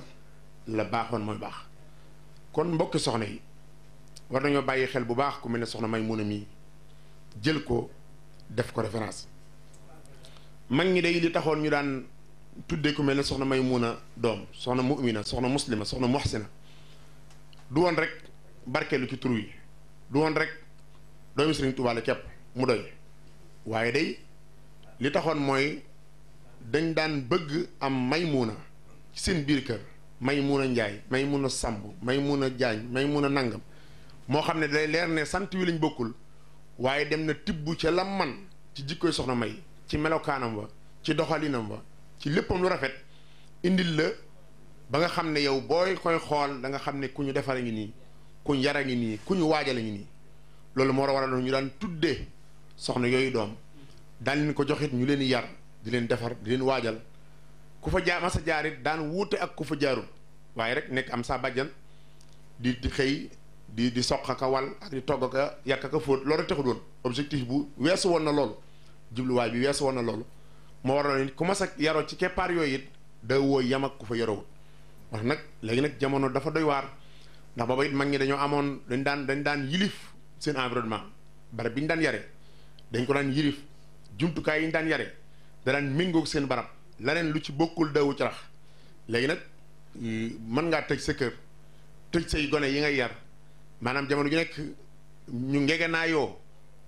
E: la baaxoon mooy baax kon mbokki soxna yi war nañoo bàyyi xel bu baax ku mel ne soxna may mun a mii jël ko def ko référence mag ñi day li taxoon ñu daan tuddee ku mel ne soxna may mun doom soxna mu'mina soxna muslima soxna muhsina du woon rek barkeelu ci tur yi du woon rek doomi Sëriñ Tuubaa la mu doy waaye day li taxoon mooy dañ daan bëgg am Maymuna ci seen biir kër Maymuna Njaay Maymuna Samb Maymuna Jaañ Maymuna Nangam moo xam ne day leer ne sant wi lañ bokkul waaye dem na tibb ca lam man ci jikkoy soxna May ci melokaanam wa ci doxalinam wa ci léppam lu rafet indil la ba nga xam ne yow booy koy xool da nga xam ne ku ñu defara ngi nii ku ñu a ngi nii ku ñu waajala ngi nii loolu moo war a waral ñu daan tuddee soxna yooyu doom daan leen ko joxit ñu leen yar di leen defar di leen waajal ku fa jaar masa jaarit daan wuute ak ku fa jaarul waaye rek nekk am saa bàjjan di xëy di di soq ka wal ak di togg ka yàq ka fóot loolu taxul woon objectif bu weesu woon na loolu jubluwaay bi weesu woon na loolu moo waral nit ku mas a yaroo ci keppaar yooyu it da woo yam ak ku fa yarowut wax nag léegi nag jamono dafa doy waar ndax booba it mag ñi dañoo amoon dañ daan dañ daan yilif seen environnement bare bi ñu daan yare dañ ko daan yilif jumtukaay yi ñu daan yare danaan méngoog seen barab laneen lu ci bokkul dawu ci rax léegi nag mën ngaa tëj sa kër tëj say gone yi ngay yar maanaam jamono ju nekk ñu ngegenaayoo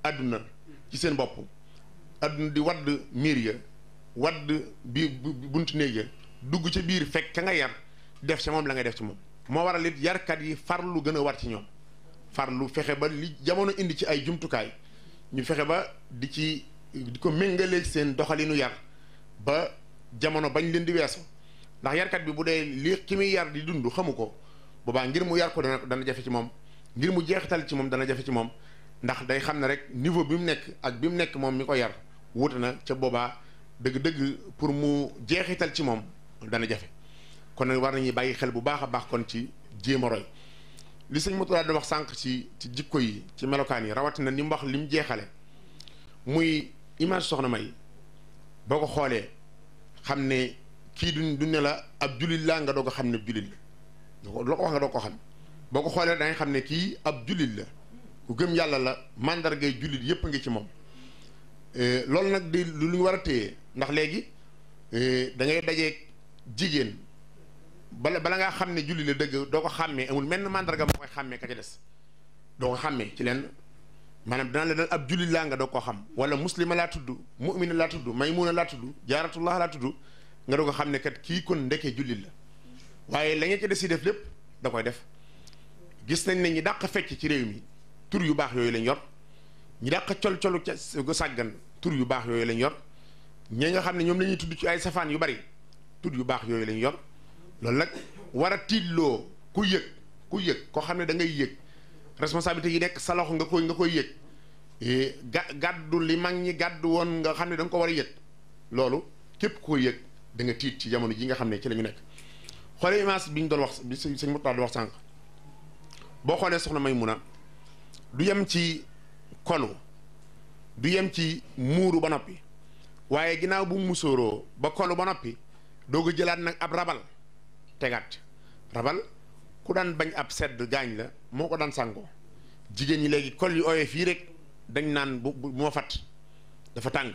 E: àdduna ci seen bopp adduna di wadd miir ya wadd biir buntu néeg ya dugg ca biir fekk ka nga yar def ca moom la nga def ci moom moo waral it yarkat yi farlu gën a war ci ñoom far lu fexe ba li jamono indi ci ay jumtukaay ñu fexe ba di ci di ko méngaleeg seen doxalinu yar ba jamono bañ leen di weesu ndax yarkat bi bu dee li ki muy dund xamu ko boobaa ngir mu yar ko dana jafe ci moom ngir mu jeexital ci moom dana jafe ci moom ndax day xam ne rek niveau bi mu nekk ak bi mu nekk moom mi ko yar wuute na ca boobaa dëgg-dëgg pour mu jeexital ci moom dana jafe kon nag war nañuy bàyyi xel bu baax a baax kon ci jéem li sëñ Matoula di wax sànq ci ci jikko yi ci melokaan yi rawatina ni mu wax li jeexale muy image soxna may boo ko xoolee xam ne kii duñ duñ la ab jullit laa nga doo ko xam ne jullit la loo ko wax nga doo ko xam boo ko xoolee danga xam ne kii ab jullit la ku gëm yàlla la màndargay jullit yépp ngi ci moom euh, loolu nag di lu ñu war a téye ndax léegi euh, dangay ngay jigéen bala bala ngaa xam ne jullit la dëgg doo ko xàmmee amul menn màndarga moo koy xàmmee ka ca des doo ko xàmmee ci leen maanaam dana la dal ab jullit laa nga doo ko xam wala muslima laa tudd mu'mina laa tuddu maymuna laa tudd jaaratullah laa tudd nga doo ko xam ne kat kii kon ndekee jullit la waaye la nga ci des def lépp da koy def gis nañ ne ñi dàq fecc ci réew mi tur yu baax yooyu lañ yor ñi dàq col colu ca sàggan tur yu baax yooyu lañ yor ñi nga xam ne ñoom lañuy ñuy ci ay safaan yu bari tur yu baax yooyu lañ yor loolu nag war a tiitloo ku yëg ku yëg koo xam ne da ngay yëg responsabilité yi nekk sa loxo nga koy nga koy yëg eh, ga gàddu li mag ñi gàddu woon nga xam ne danga ko war a yëg loolu képp koo yëg danga tiit ci jamono ji nga xam ne ci lañu ñu nekk xoolee image bi ñu doon wax bi sëñ Murtala di wax sànq boo xoolee soxna may Maymuna du yem ci kolu du yem ci muuru ba noppi waaye ginnaaw bu musóoroo ba kolu ba noppi doog a jëlaat nag ab rabal tegaat rabal ku daan bañ ab sedd gaañ la moo ko daan sangoo jigéen ñi léegi col yu oyof fii rek dañ naan bu bu moo fat dafa tàng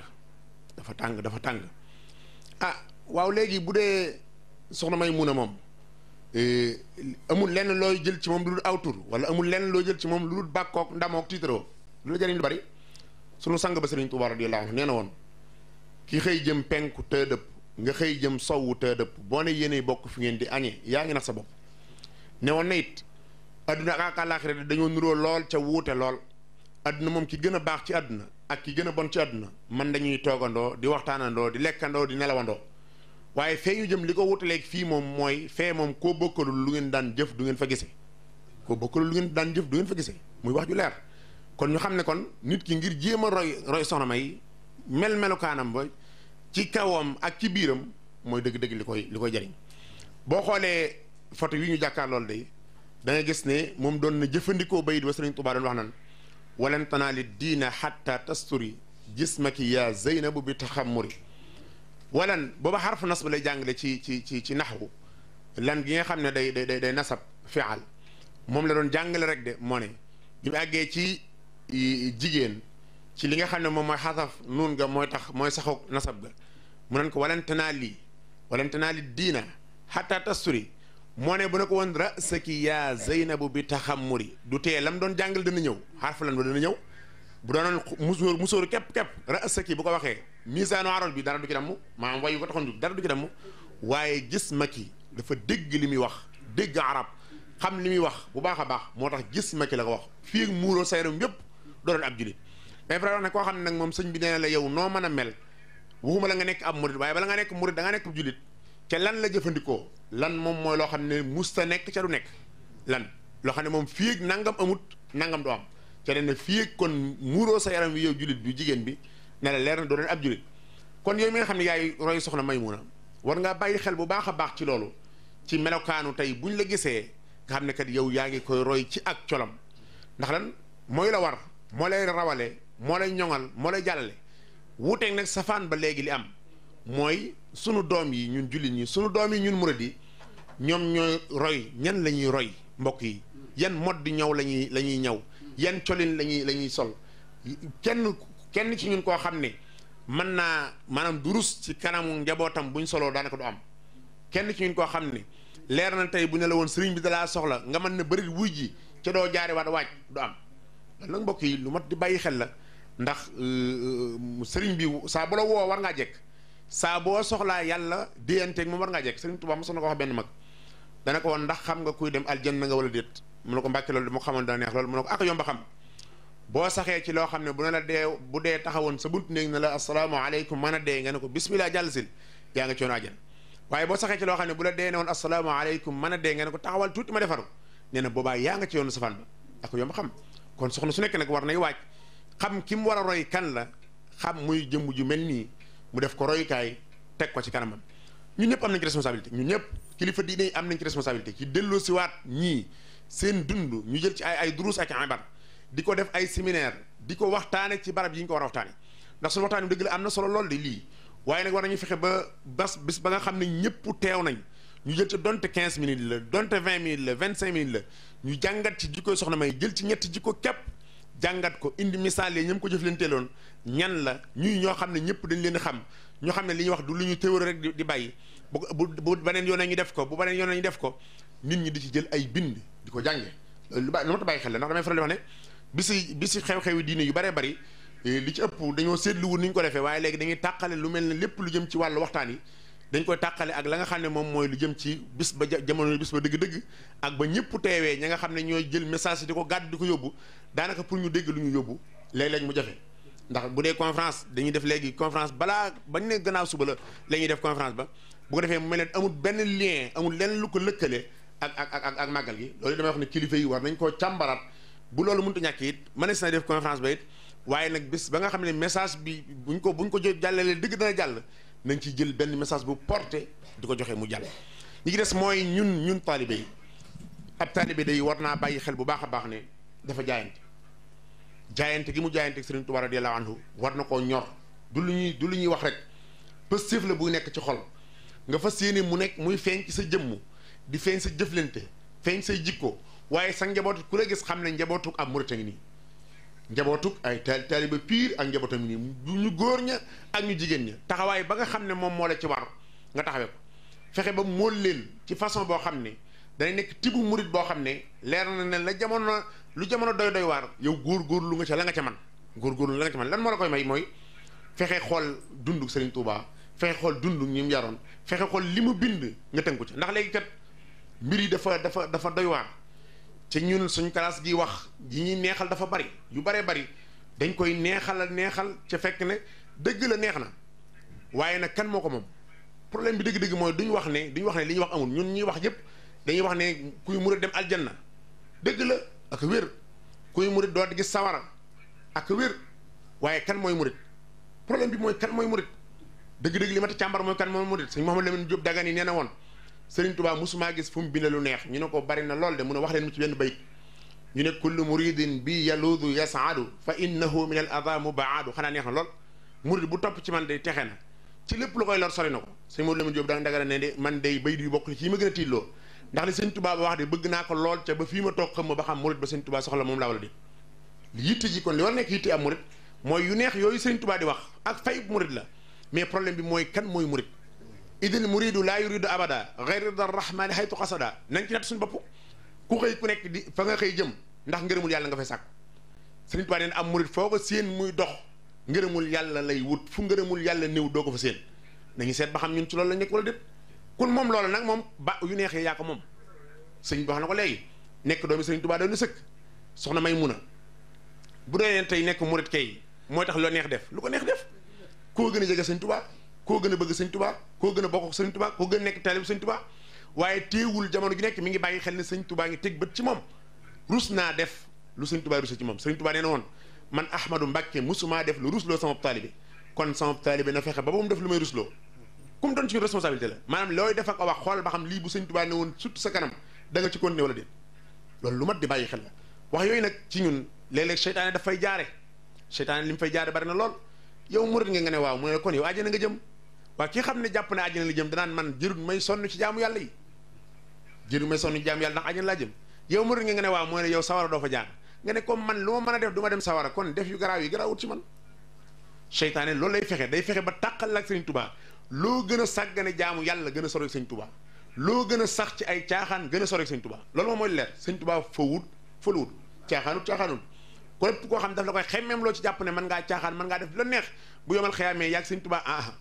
E: dafa tàng dafa tàng ah waaw léegi bu dee soxna may mun a moom eh, amul lenn looy jël ci moom lu dul aw tur wala amul lenn looy jël ci moom lu dul bàkkook ndamook tiitaroo lu la jëriñ lu bari sunu sang ba sëriñ Tuubaa radiyallaahu anhu nee na woon ki xëy jëm penku tëdëpp nga xëy jëm sowwu tëdëpp boo ne yéeney bokk fi ngeen di añee yaa ngi nax sa bopp newoon na it adduna ak àllaaxira dañoo nuroo lool ca wuute lool adduna moom ci gën a baax ci àdduna ak ki gën a bon ci adduna man dañuy toggandoo di waxtaanandoo di lekkandoo di nelawandoo waaye fee ñu jëm li ko wutaleeg fii moom mooy fee moom koo bokkalul lu ngeen daan jëf du ngeen fa gisee koo bokkalul lu daan jëf du ngeen muy wax ju leer kon ñu xam ne kon nit ki ngir jéem a roy roy soxna May mel melukaanam ba ci kawam ak ci biiram mooy dëgg-dëgg li koy li koy jariñ boo xoolee foto yi ñu jàkkaar loolu day da nga gis ne moom doon na jëfandikoo bayit ba Sëriñ Tuubaa doon wax nan walan tanaali diina xatta tasturi jismaki yaa zeynabu bi taxamuri walan booba xarfu nasb lay jàngale ci ci ci ci naxwu lan gi nga xam ne day day day nasab fial moom la doon jàngale rek de moo ne bi mu àggee ci jigéen ci li nga xam ne moom mooy xasaf nuun nga mooy tax mooy saxoog nasab ga mu nan ko walan tanaali walan tanaali diina xatta tasturi moo ne bu ne ko woon ra sëki yaa zeynabu bi taxamuri du tee lam doon jàngal dana ñëw xarfalan ba dana ñëw bu doonoon musóor musóor képp képp ra sëki bu ko waxee misaanu arol bi dara du ci damm maanaam wayu ko taxoon jug dara du ci damm waaye gis ma ki dafa dégg li muy wax dégg arab xam li muy wax bu baax a baax moo tax gis ma ki la ko wax fii ak muuroo sayram yépp doonoon ab julit mais wax ne koo xam ne nag moom sëñ bi nee la yow noo mën a mel nga nekk ab murit waaye bala nga nekk da nga nekk ab julit ca lan la jëfandikoo lan moom mooy loo xam ne musta nekk ca du nekk lan loo xam ne moom fii ak nangam amut nangam du am ca ne fii ak kon muuroo sa yaram wi yow jullit bi jigéen bi ne la leer na doo doon ab jullit kon yooyu mi xam ne yaay roy soxna may Maymuna war ngaa bàyyi xel bu baax a baax ci loolu ci melokaanu tey bu buñ la gisee nga xam ne kat yow yaa ngi koy roy ci ak colam ndax lan mooy la war moo lay rawale moo lay ñoŋal moo lay jàllale wuuteeg nag safaan ba léegi li am mooy sunu doom yi ñun jullit ñi sunu doom yi ñun murid yi ñoom ñooy roy ñan la ñuy roy mbokk yi yan modd ñaw la ñuy la ñuy ñaw yan colin la ñuy la sol kenn kenn ci ñun koo xam ne mën naa maanaam durus ci kanamu njabootam ñu soloo daanaka du am kenn ci ñun koo xam ne leer na tey bu ne la woon sëriñ bi dalaa soxla nga mën ne bëri wuy ji ca doo jaari waat waaj du am loolu nag mbokk yi lu mat di bàyyi xel la ndax euh, euh, sëriñ bi saa bu la woo war ngaa jekk saa boo soxlaa yàlla déyanteeg moom war ngaa jekk Sëriñ Tuubaa mosoon na ko wax benn mag dana ko woon ndax xam nga kuy dem aljanna nga wala déet mu ne ko mbàkke loolu mu xamoon dana neex loolu mu ne ko ak yomba xam boo saxee ci loo xam ne bu ne la dee bu dee taxawoon sa bunt néeg ne la asalaamaaleykum mën a dee nga ko bismillah jàll sil yaa nga coono àjjan waaye boo saxee ci loo xam ne bu la dee ne woon asalaamaaleykum mën a dee nga ne ko taxawal tuuti ma defaru nee na boobaa yaa nga ci yoonu safaan ba ak yomba xam kon soxna su nekk nag war nay waaj xam ki mu war a roy kan la xam muy jëmm ju mel nii mu def ko royukaay teg ko ci kanamam ñu ñëpp am nañ ci responsabilité ñun ñëpp kilifa di yi am nañ ci responsabilité ci delloo si waat ñii seen dund ñu jël ci ay ay duruus ak ibar di ko def ay séminaire di ko waxtaane ci barab yi ñu ko war a waxtaane ndax suñu waxtaan dëgg la am na solo lool de lii waaye nag war nañu fexe ba bas bis ba nga xam ne ñëpp teew nañ ñu jël ci donte quinze minutes la donte vingt mille vingt cinq minutes la ñu jàngat ci jikko soxna may jël ci ñetti jikko képp jàngat ko indi misaal yi ñoom ko jëflanteeloon ñan la ñuy ñoo xam ne ñëpp dañ leen xam ñoo xam ne li ñu wax du lu ñu téwér rek di bàyyi bu bu beneen yoon ñu def ko bu beneen yoon ñu def ko nit ñi di ci jël ay bind di ko jànge lu ba lu ma ta bàyyi xel la ndax damay faral di wax ne bisi xew-xewi diine baree bari eh, li ci ëpp dañoo seetluwul ni ko defee waaye léegi dañuy tàqale lu mel ne lépp lu jëm ci waxtaan yi dañ koy tàqale ak la xam ne moom mooy lu jëm ci bis ba jamono bis ba dëgg-dëgg ak ba ñëpp teewee ña nga xam ne ñooy jël message di ko gàdd di ko yóbbu daanaka pour ñu dégg lu ñu yóbbu léeg lañ mu jafe ndax bu dee conférence dañuy def léegi conférence balaa bañ ne gannaaw suba la la def conférence ba bu defee mu mel amul benn lien amul lenn lu ko lëkkale ak ak ak ak màggal gi loolu damay wax ne kilifa yi war nañ koo càmbaraat bu loolu mënut a ñàkk it mënees na def conférence ba it waaye nag bis ba nga xam ne message bi buñ ko buñ ko jàllalee dëgg dana jàll nañ ci jël benn message bu di ko joxe mu jàll. ñi ci des mooy ñun ñun taalibe yi ab taalibe day war naa bàyyi xel bu baax a baax ne dafa jaayante. jaayante gi mu jaayante Serigne Touba radiyallahu anhu war na koo ñor du lu ñuy du lu ñuy wax rek positif la buy nekk ci xol nga fas yéene mu nekk muy feeñ ci sa jëmm di feeñ sa jëflante feeñ say jikko waaye sa njabootu ku la gis xam ne njabootu am murit a ngi nii njabootuk ay taaliba piir ak njabootam ngi nii ñu góor ña ak ñu jigéen ña taxawaay ba nga xam ne moom moo la ci war nga taxawee ko fexe ba móol leen ci façon boo xam ne day nekk tibu murit boo xam ne leer na ne la jamono lu jamono doy doy waar yow góorgóorlu nga ca la nga ca man góorgóorlu la nga ca man lan moo la koy may mooy fexe xool dundu Serigne Touba fexe xool dundu ñi mu yaroon fexe xool li mu bind nga ko ca ndax léegi kat mbir yi dafa dafa dafa doy waar ca ñun suñ classe gi wax yi ñuy neexal dafa bari yu baree bari dañ koy neexal neexal ca fekk ne dëgg la neex na waaye nag kan moo ko moom problème bi dëgg-dëgg mooy duñ wax ne duñ wax ne li ñuy wax amul ñun ñuy wax yëpp dañuy wax ne kuy murit dem aljanna dëgg la ak wér kuy murit doo gis sawara ak wér waaye kan mooy murit problème bi mooy kan mooy murit dëgg-dëgg li ma ta càmbar mooy kan mooy murit sëñ Mouhamadou Lamine Diop Dagana yi nee na woon gis fu mu bind lu neex ñu ne ko bari na lool de mun a wax leen mu ci benn bayit ñu ne kullu muridin bi ya yasaadu fa innahu min al ada mubaadu xanaa neex na lool murid bu topp ci man day texe na ci lépp lu koy lor sori na ko sëñ Mouhamadou Lamine Diop Dagana ne de man day bayit yu bokk ci yi ma gën ndax li sëñ Tuubaa ba wax de bëgg naa ko lool ca ba fii ma toog xam ma ba xam murit ba sëñ Tuubaa soxla moom laa wala di li yitte ji kon li war nekk yitte am murit mooy yu neex yooyu sëñ Tuubaa di wax ak fay murit la mais problème bi mooy kan mooy murit idil muridu laa yuridu abada gayra darrahmani haytu qasada nañ ci natt suñu bopp ku xëy ku nekk di fa nga xëy jëm ndax ngërëmul yàlla nga fay sàkk sëñ Tuubaa neen am murit foo ko séen muy dox ngërëmul yàlla lay wut fu ngërëmul yàlla néew doo ko fa séen nañu seet ba xam ñun ci loolu la nekk wala kun moom loola nag moom ba yu neexee yaa ko moom sëñ bi wax na ko léegi nekk doomi sëñ tubaa doon na sëkk soxna may mun a bu doonee tey nekk murit kay mooy tax loo neex def lu ko neex def koo gën a jege sëñ koo gën a bëgg sëñ koo gën a bokk sëñ Tuubaa koo gën nekk taalib sëñ Tuubaa waaye téewul jamono ju nekk mi ngi bàyyi xel ne sëñ Tuubaa ngi teg bët ci moom rus naa def lu sëñ Tuubaa rusé ci moom sëñ Tuubaa nee na woon man Ahmadou Mbàkke musumaa def lu rus rusloo sama taalibe kon sama taalibe na fexe ba ba mu def lu may rusloo comme doon ci responsabilité la maanaam looy def ak wax xoolal ba xam lii bu sëñ Tuubaa ne woon surtout sa kanam da nga ci continuer wala déet loolu lu mat di bàyyi xel la wax yooyu nag ci ñun léeg-léeg seytaane daf fay jaare seytaane li mu fay jaare bari na lool yow murit nga nga ne waaw mu ne kon yow àjjana nga jëm waaw ki xam ne jàpp ne àjjana jëm danaan man jërut may sonn ci jaamu yàlla yi jërut may sonn ci jaamu yàlla ndax àjjana yow murit nga nga ne waaw mu ne yow doo fa jaar nga ne comme man lu ma a def du ma dem sawara kon def yu garaaw yi garaawut ci man seytaane loolu lay fexe day fexe ba tàqal ak sëñ tubaa loo gën a sàggane jaamu yàlla gën a sori sëñ tubaa loo gën a sax ci ay caaxaan gën a sori sëñ tubaa loolu moom mooy leer sëñ tubaa fawut faluwut caaxaanut caaxaanut ko lépp koo xam daf la koy xemmeem loo ci jàpp ne man ngaa caaxaan mën ngaa def la neex bu yomal xëyaamee yaag sëñ tubaa ah,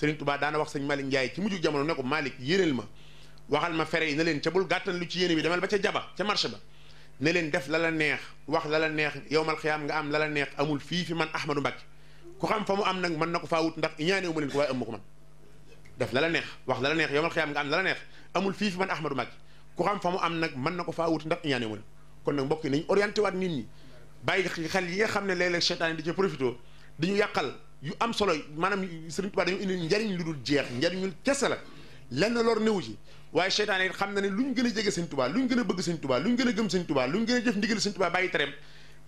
E: ah. tubaa daana wax sëñ Malick Ndiaye ci mujju jamono ne ko Malick yéeneel ma waxal ma fere yi ne leen ca gàttan lu ci yéene bi demal ba ca jaba ca marché ba ne leen def la la neex wax la la neex yowmal xiyaam nga am la la neex amul fii fi man Ahmadou Mbacké ko xam fa mu am nag mën na ko faa wut ndax ñaanewu ma leen ko waaye am ma la neex wax la la neex yomal xiyaam nga am la la neex amul fii fi man Ahmadou Mbacké ko xam fa mu am nag mën na ko faa wut ndax ñaanewu ma leen kon nag mbokk yi nañ orienté waat nit ñi bàyyi xel yi nga xam ne léeg-léeg seytaane di ci profité yàqal yu am solo maanaam Sëriñ Tuubaa indi njariñ lu dul jeex njariñul kese la lenn lor néewu ci waaye seytaane xam na ne lu ñu gën a jege Sëriñ Tuubaa gën a bëgg Sëriñ Tuubaa lu ñu gën a gëm Sëriñ Tuubaa lu ñu gën a jëf ndigal Sëriñ Tuubaa bàyyi tereem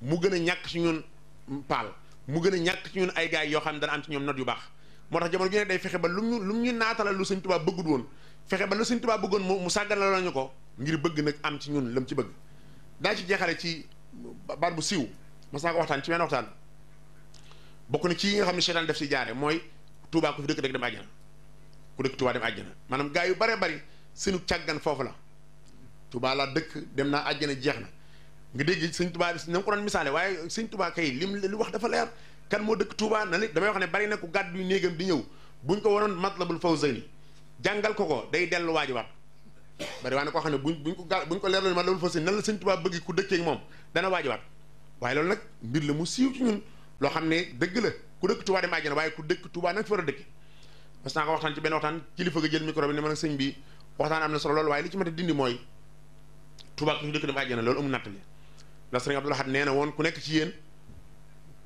E: mu gën a ñàkk ci ñun paal mu gën a ñàkk ci ñun ay gaay yoo xam ne dana am ci ñoom not yu baax moo tax jamono ju day fexe ba lu mu lu mu ñu naatalal lu Sëñ Tuubaa bëggul woon fexe ba lu Sëñ Tuubaa bëggoon mu mu sàgganal la ñu ko ngir bëgg nag am ci ñun lam ci bëgg daa ci jeexale ci baat bu siiw mas naa waxtaan ci benn waxtaan bokk na ci yi nga xam ne seytaan def si jaare mooy Tuubaa ku fi dëkk rek dem àjjana ku dëkk Tuubaa dem àjjana maanaam gaay yu bare bari seenu càggan foofu la Tuubaa laa dëkk dem naa àjjana jeex na nga dégg sëñ tubaa bi na nga ko doon misaale waaye sëñ Touba kay lim li wax dafa leer kan moo dëkk Touba na li damay wax ne bari na ku gàddu néegam di ñëw buñ ko waroon matlabul fawzayni jàngal ko ko day dellu waajuwaat bari waa ne koo xam ne buñ buñ ko ga buñ ko leerloon matlabul fawzayni nan la sëñ Touba bëgg ku dëkkee ak moom dana waajuwaat waaye loolu nag mbir la mu siiw ci ñun loo xam ne dëgg la ku dëkk Touba dem àjjana waaye ku dëkk Touba nag war a dëkk parce que naa ko waxtaan ci benn waxtaan kilifa ga ma nag sëñ bi waxtaan am na solo waaye li ci mat a dindi mooy Touba ku dëkk dem àjjana loolu amul nattali ndax sëriñ Abdul Ahad nee na woon ku nekk ci yéen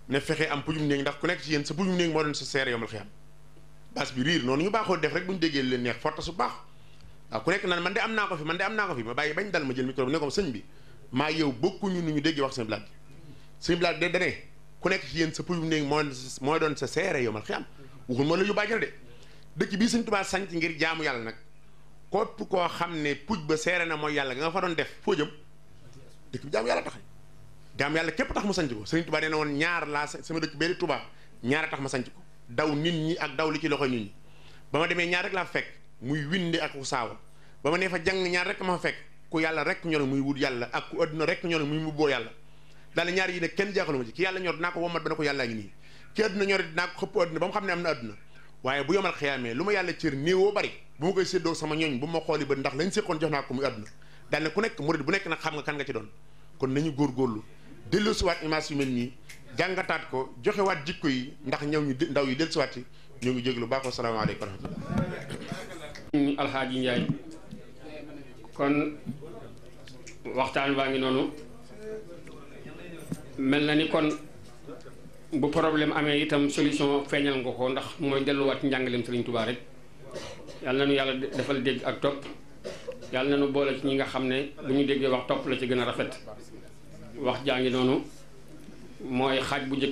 E: ne fexe ndax ku yéen sa pujum néeg moo seer noonu ñu baaxoo def rek bu ñu déggee leen su baax waaw ku man de naa man de am naa ko ma bàyyi bañ dal ma jël micro bi ne ko sëñ bi maa yow bokkuñu wax seen blaat bi seen de ku nekk ci yéen sa pujum néeg moo mooy doon sa seere yomal xiyam waxul moo la yu bàjjal de dëkk bii sëñ sañ sanc ngir jaamu yàlla nag kopp koo xam ne puj ba seere na mooy yàlla nga fa doon def foo jëm dëkk bi jaam yàlla tax jaam yàlla képp tax mu sanc ko Sëriñ Tuubaa nee na woon ñaar laa sama dëkk bee di Tuubaa ñaar a tax ma sanc ko daw nit ñi ak daw li ci loxo nit ñi ba ma demee ñaar rek laa fekk muy winde ak ku saawa ba ma nee fa jàng ñaar rek ma fekk ku yàlla rek ñor muy wut yàlla ak ku adduna rek ñor muy mubboo yàlla daal ñaar yi ne kenn jaaxaluma ci ki yàlla ñor dinaa ko womat ba ne ko yàllaa ngi nii ki adduna ñor dinaa ko xëpp ne am na adduna waaye bu yomal xiyaamee lu ma yàlla cër néewoo bari bu ma ñooñ bu ma ba ndax lañ séqoon jox naa ko muy adduna daal ne ku nekk murid bu nekk nag xam nga kan nga ci doon kon nañu góorgóorlu delloosiwaat image yu mel nii jàngataat ko joxewaat jikko yi ndax ñëw ñu ndaw yi delloosiwaat yi ñoo ngi jéglu baax ko salaamaaleykum wa
C: rahmatulah. alxaaji Njaay kon waxtaan baa ngi noonu mel na ni kon bu amee itam solution feeñal nga ko ndax mooy delluwaat njàngaleem Sëriñ Tuubaa rek yàlla na nu yàlla defal dégg ak topp. yàlla na nañu boole ci ñi nga xam ne bu ñu déggee wax topp la ci gën a rafet wax jaa ngi noonu mooy xaaj bu njëkk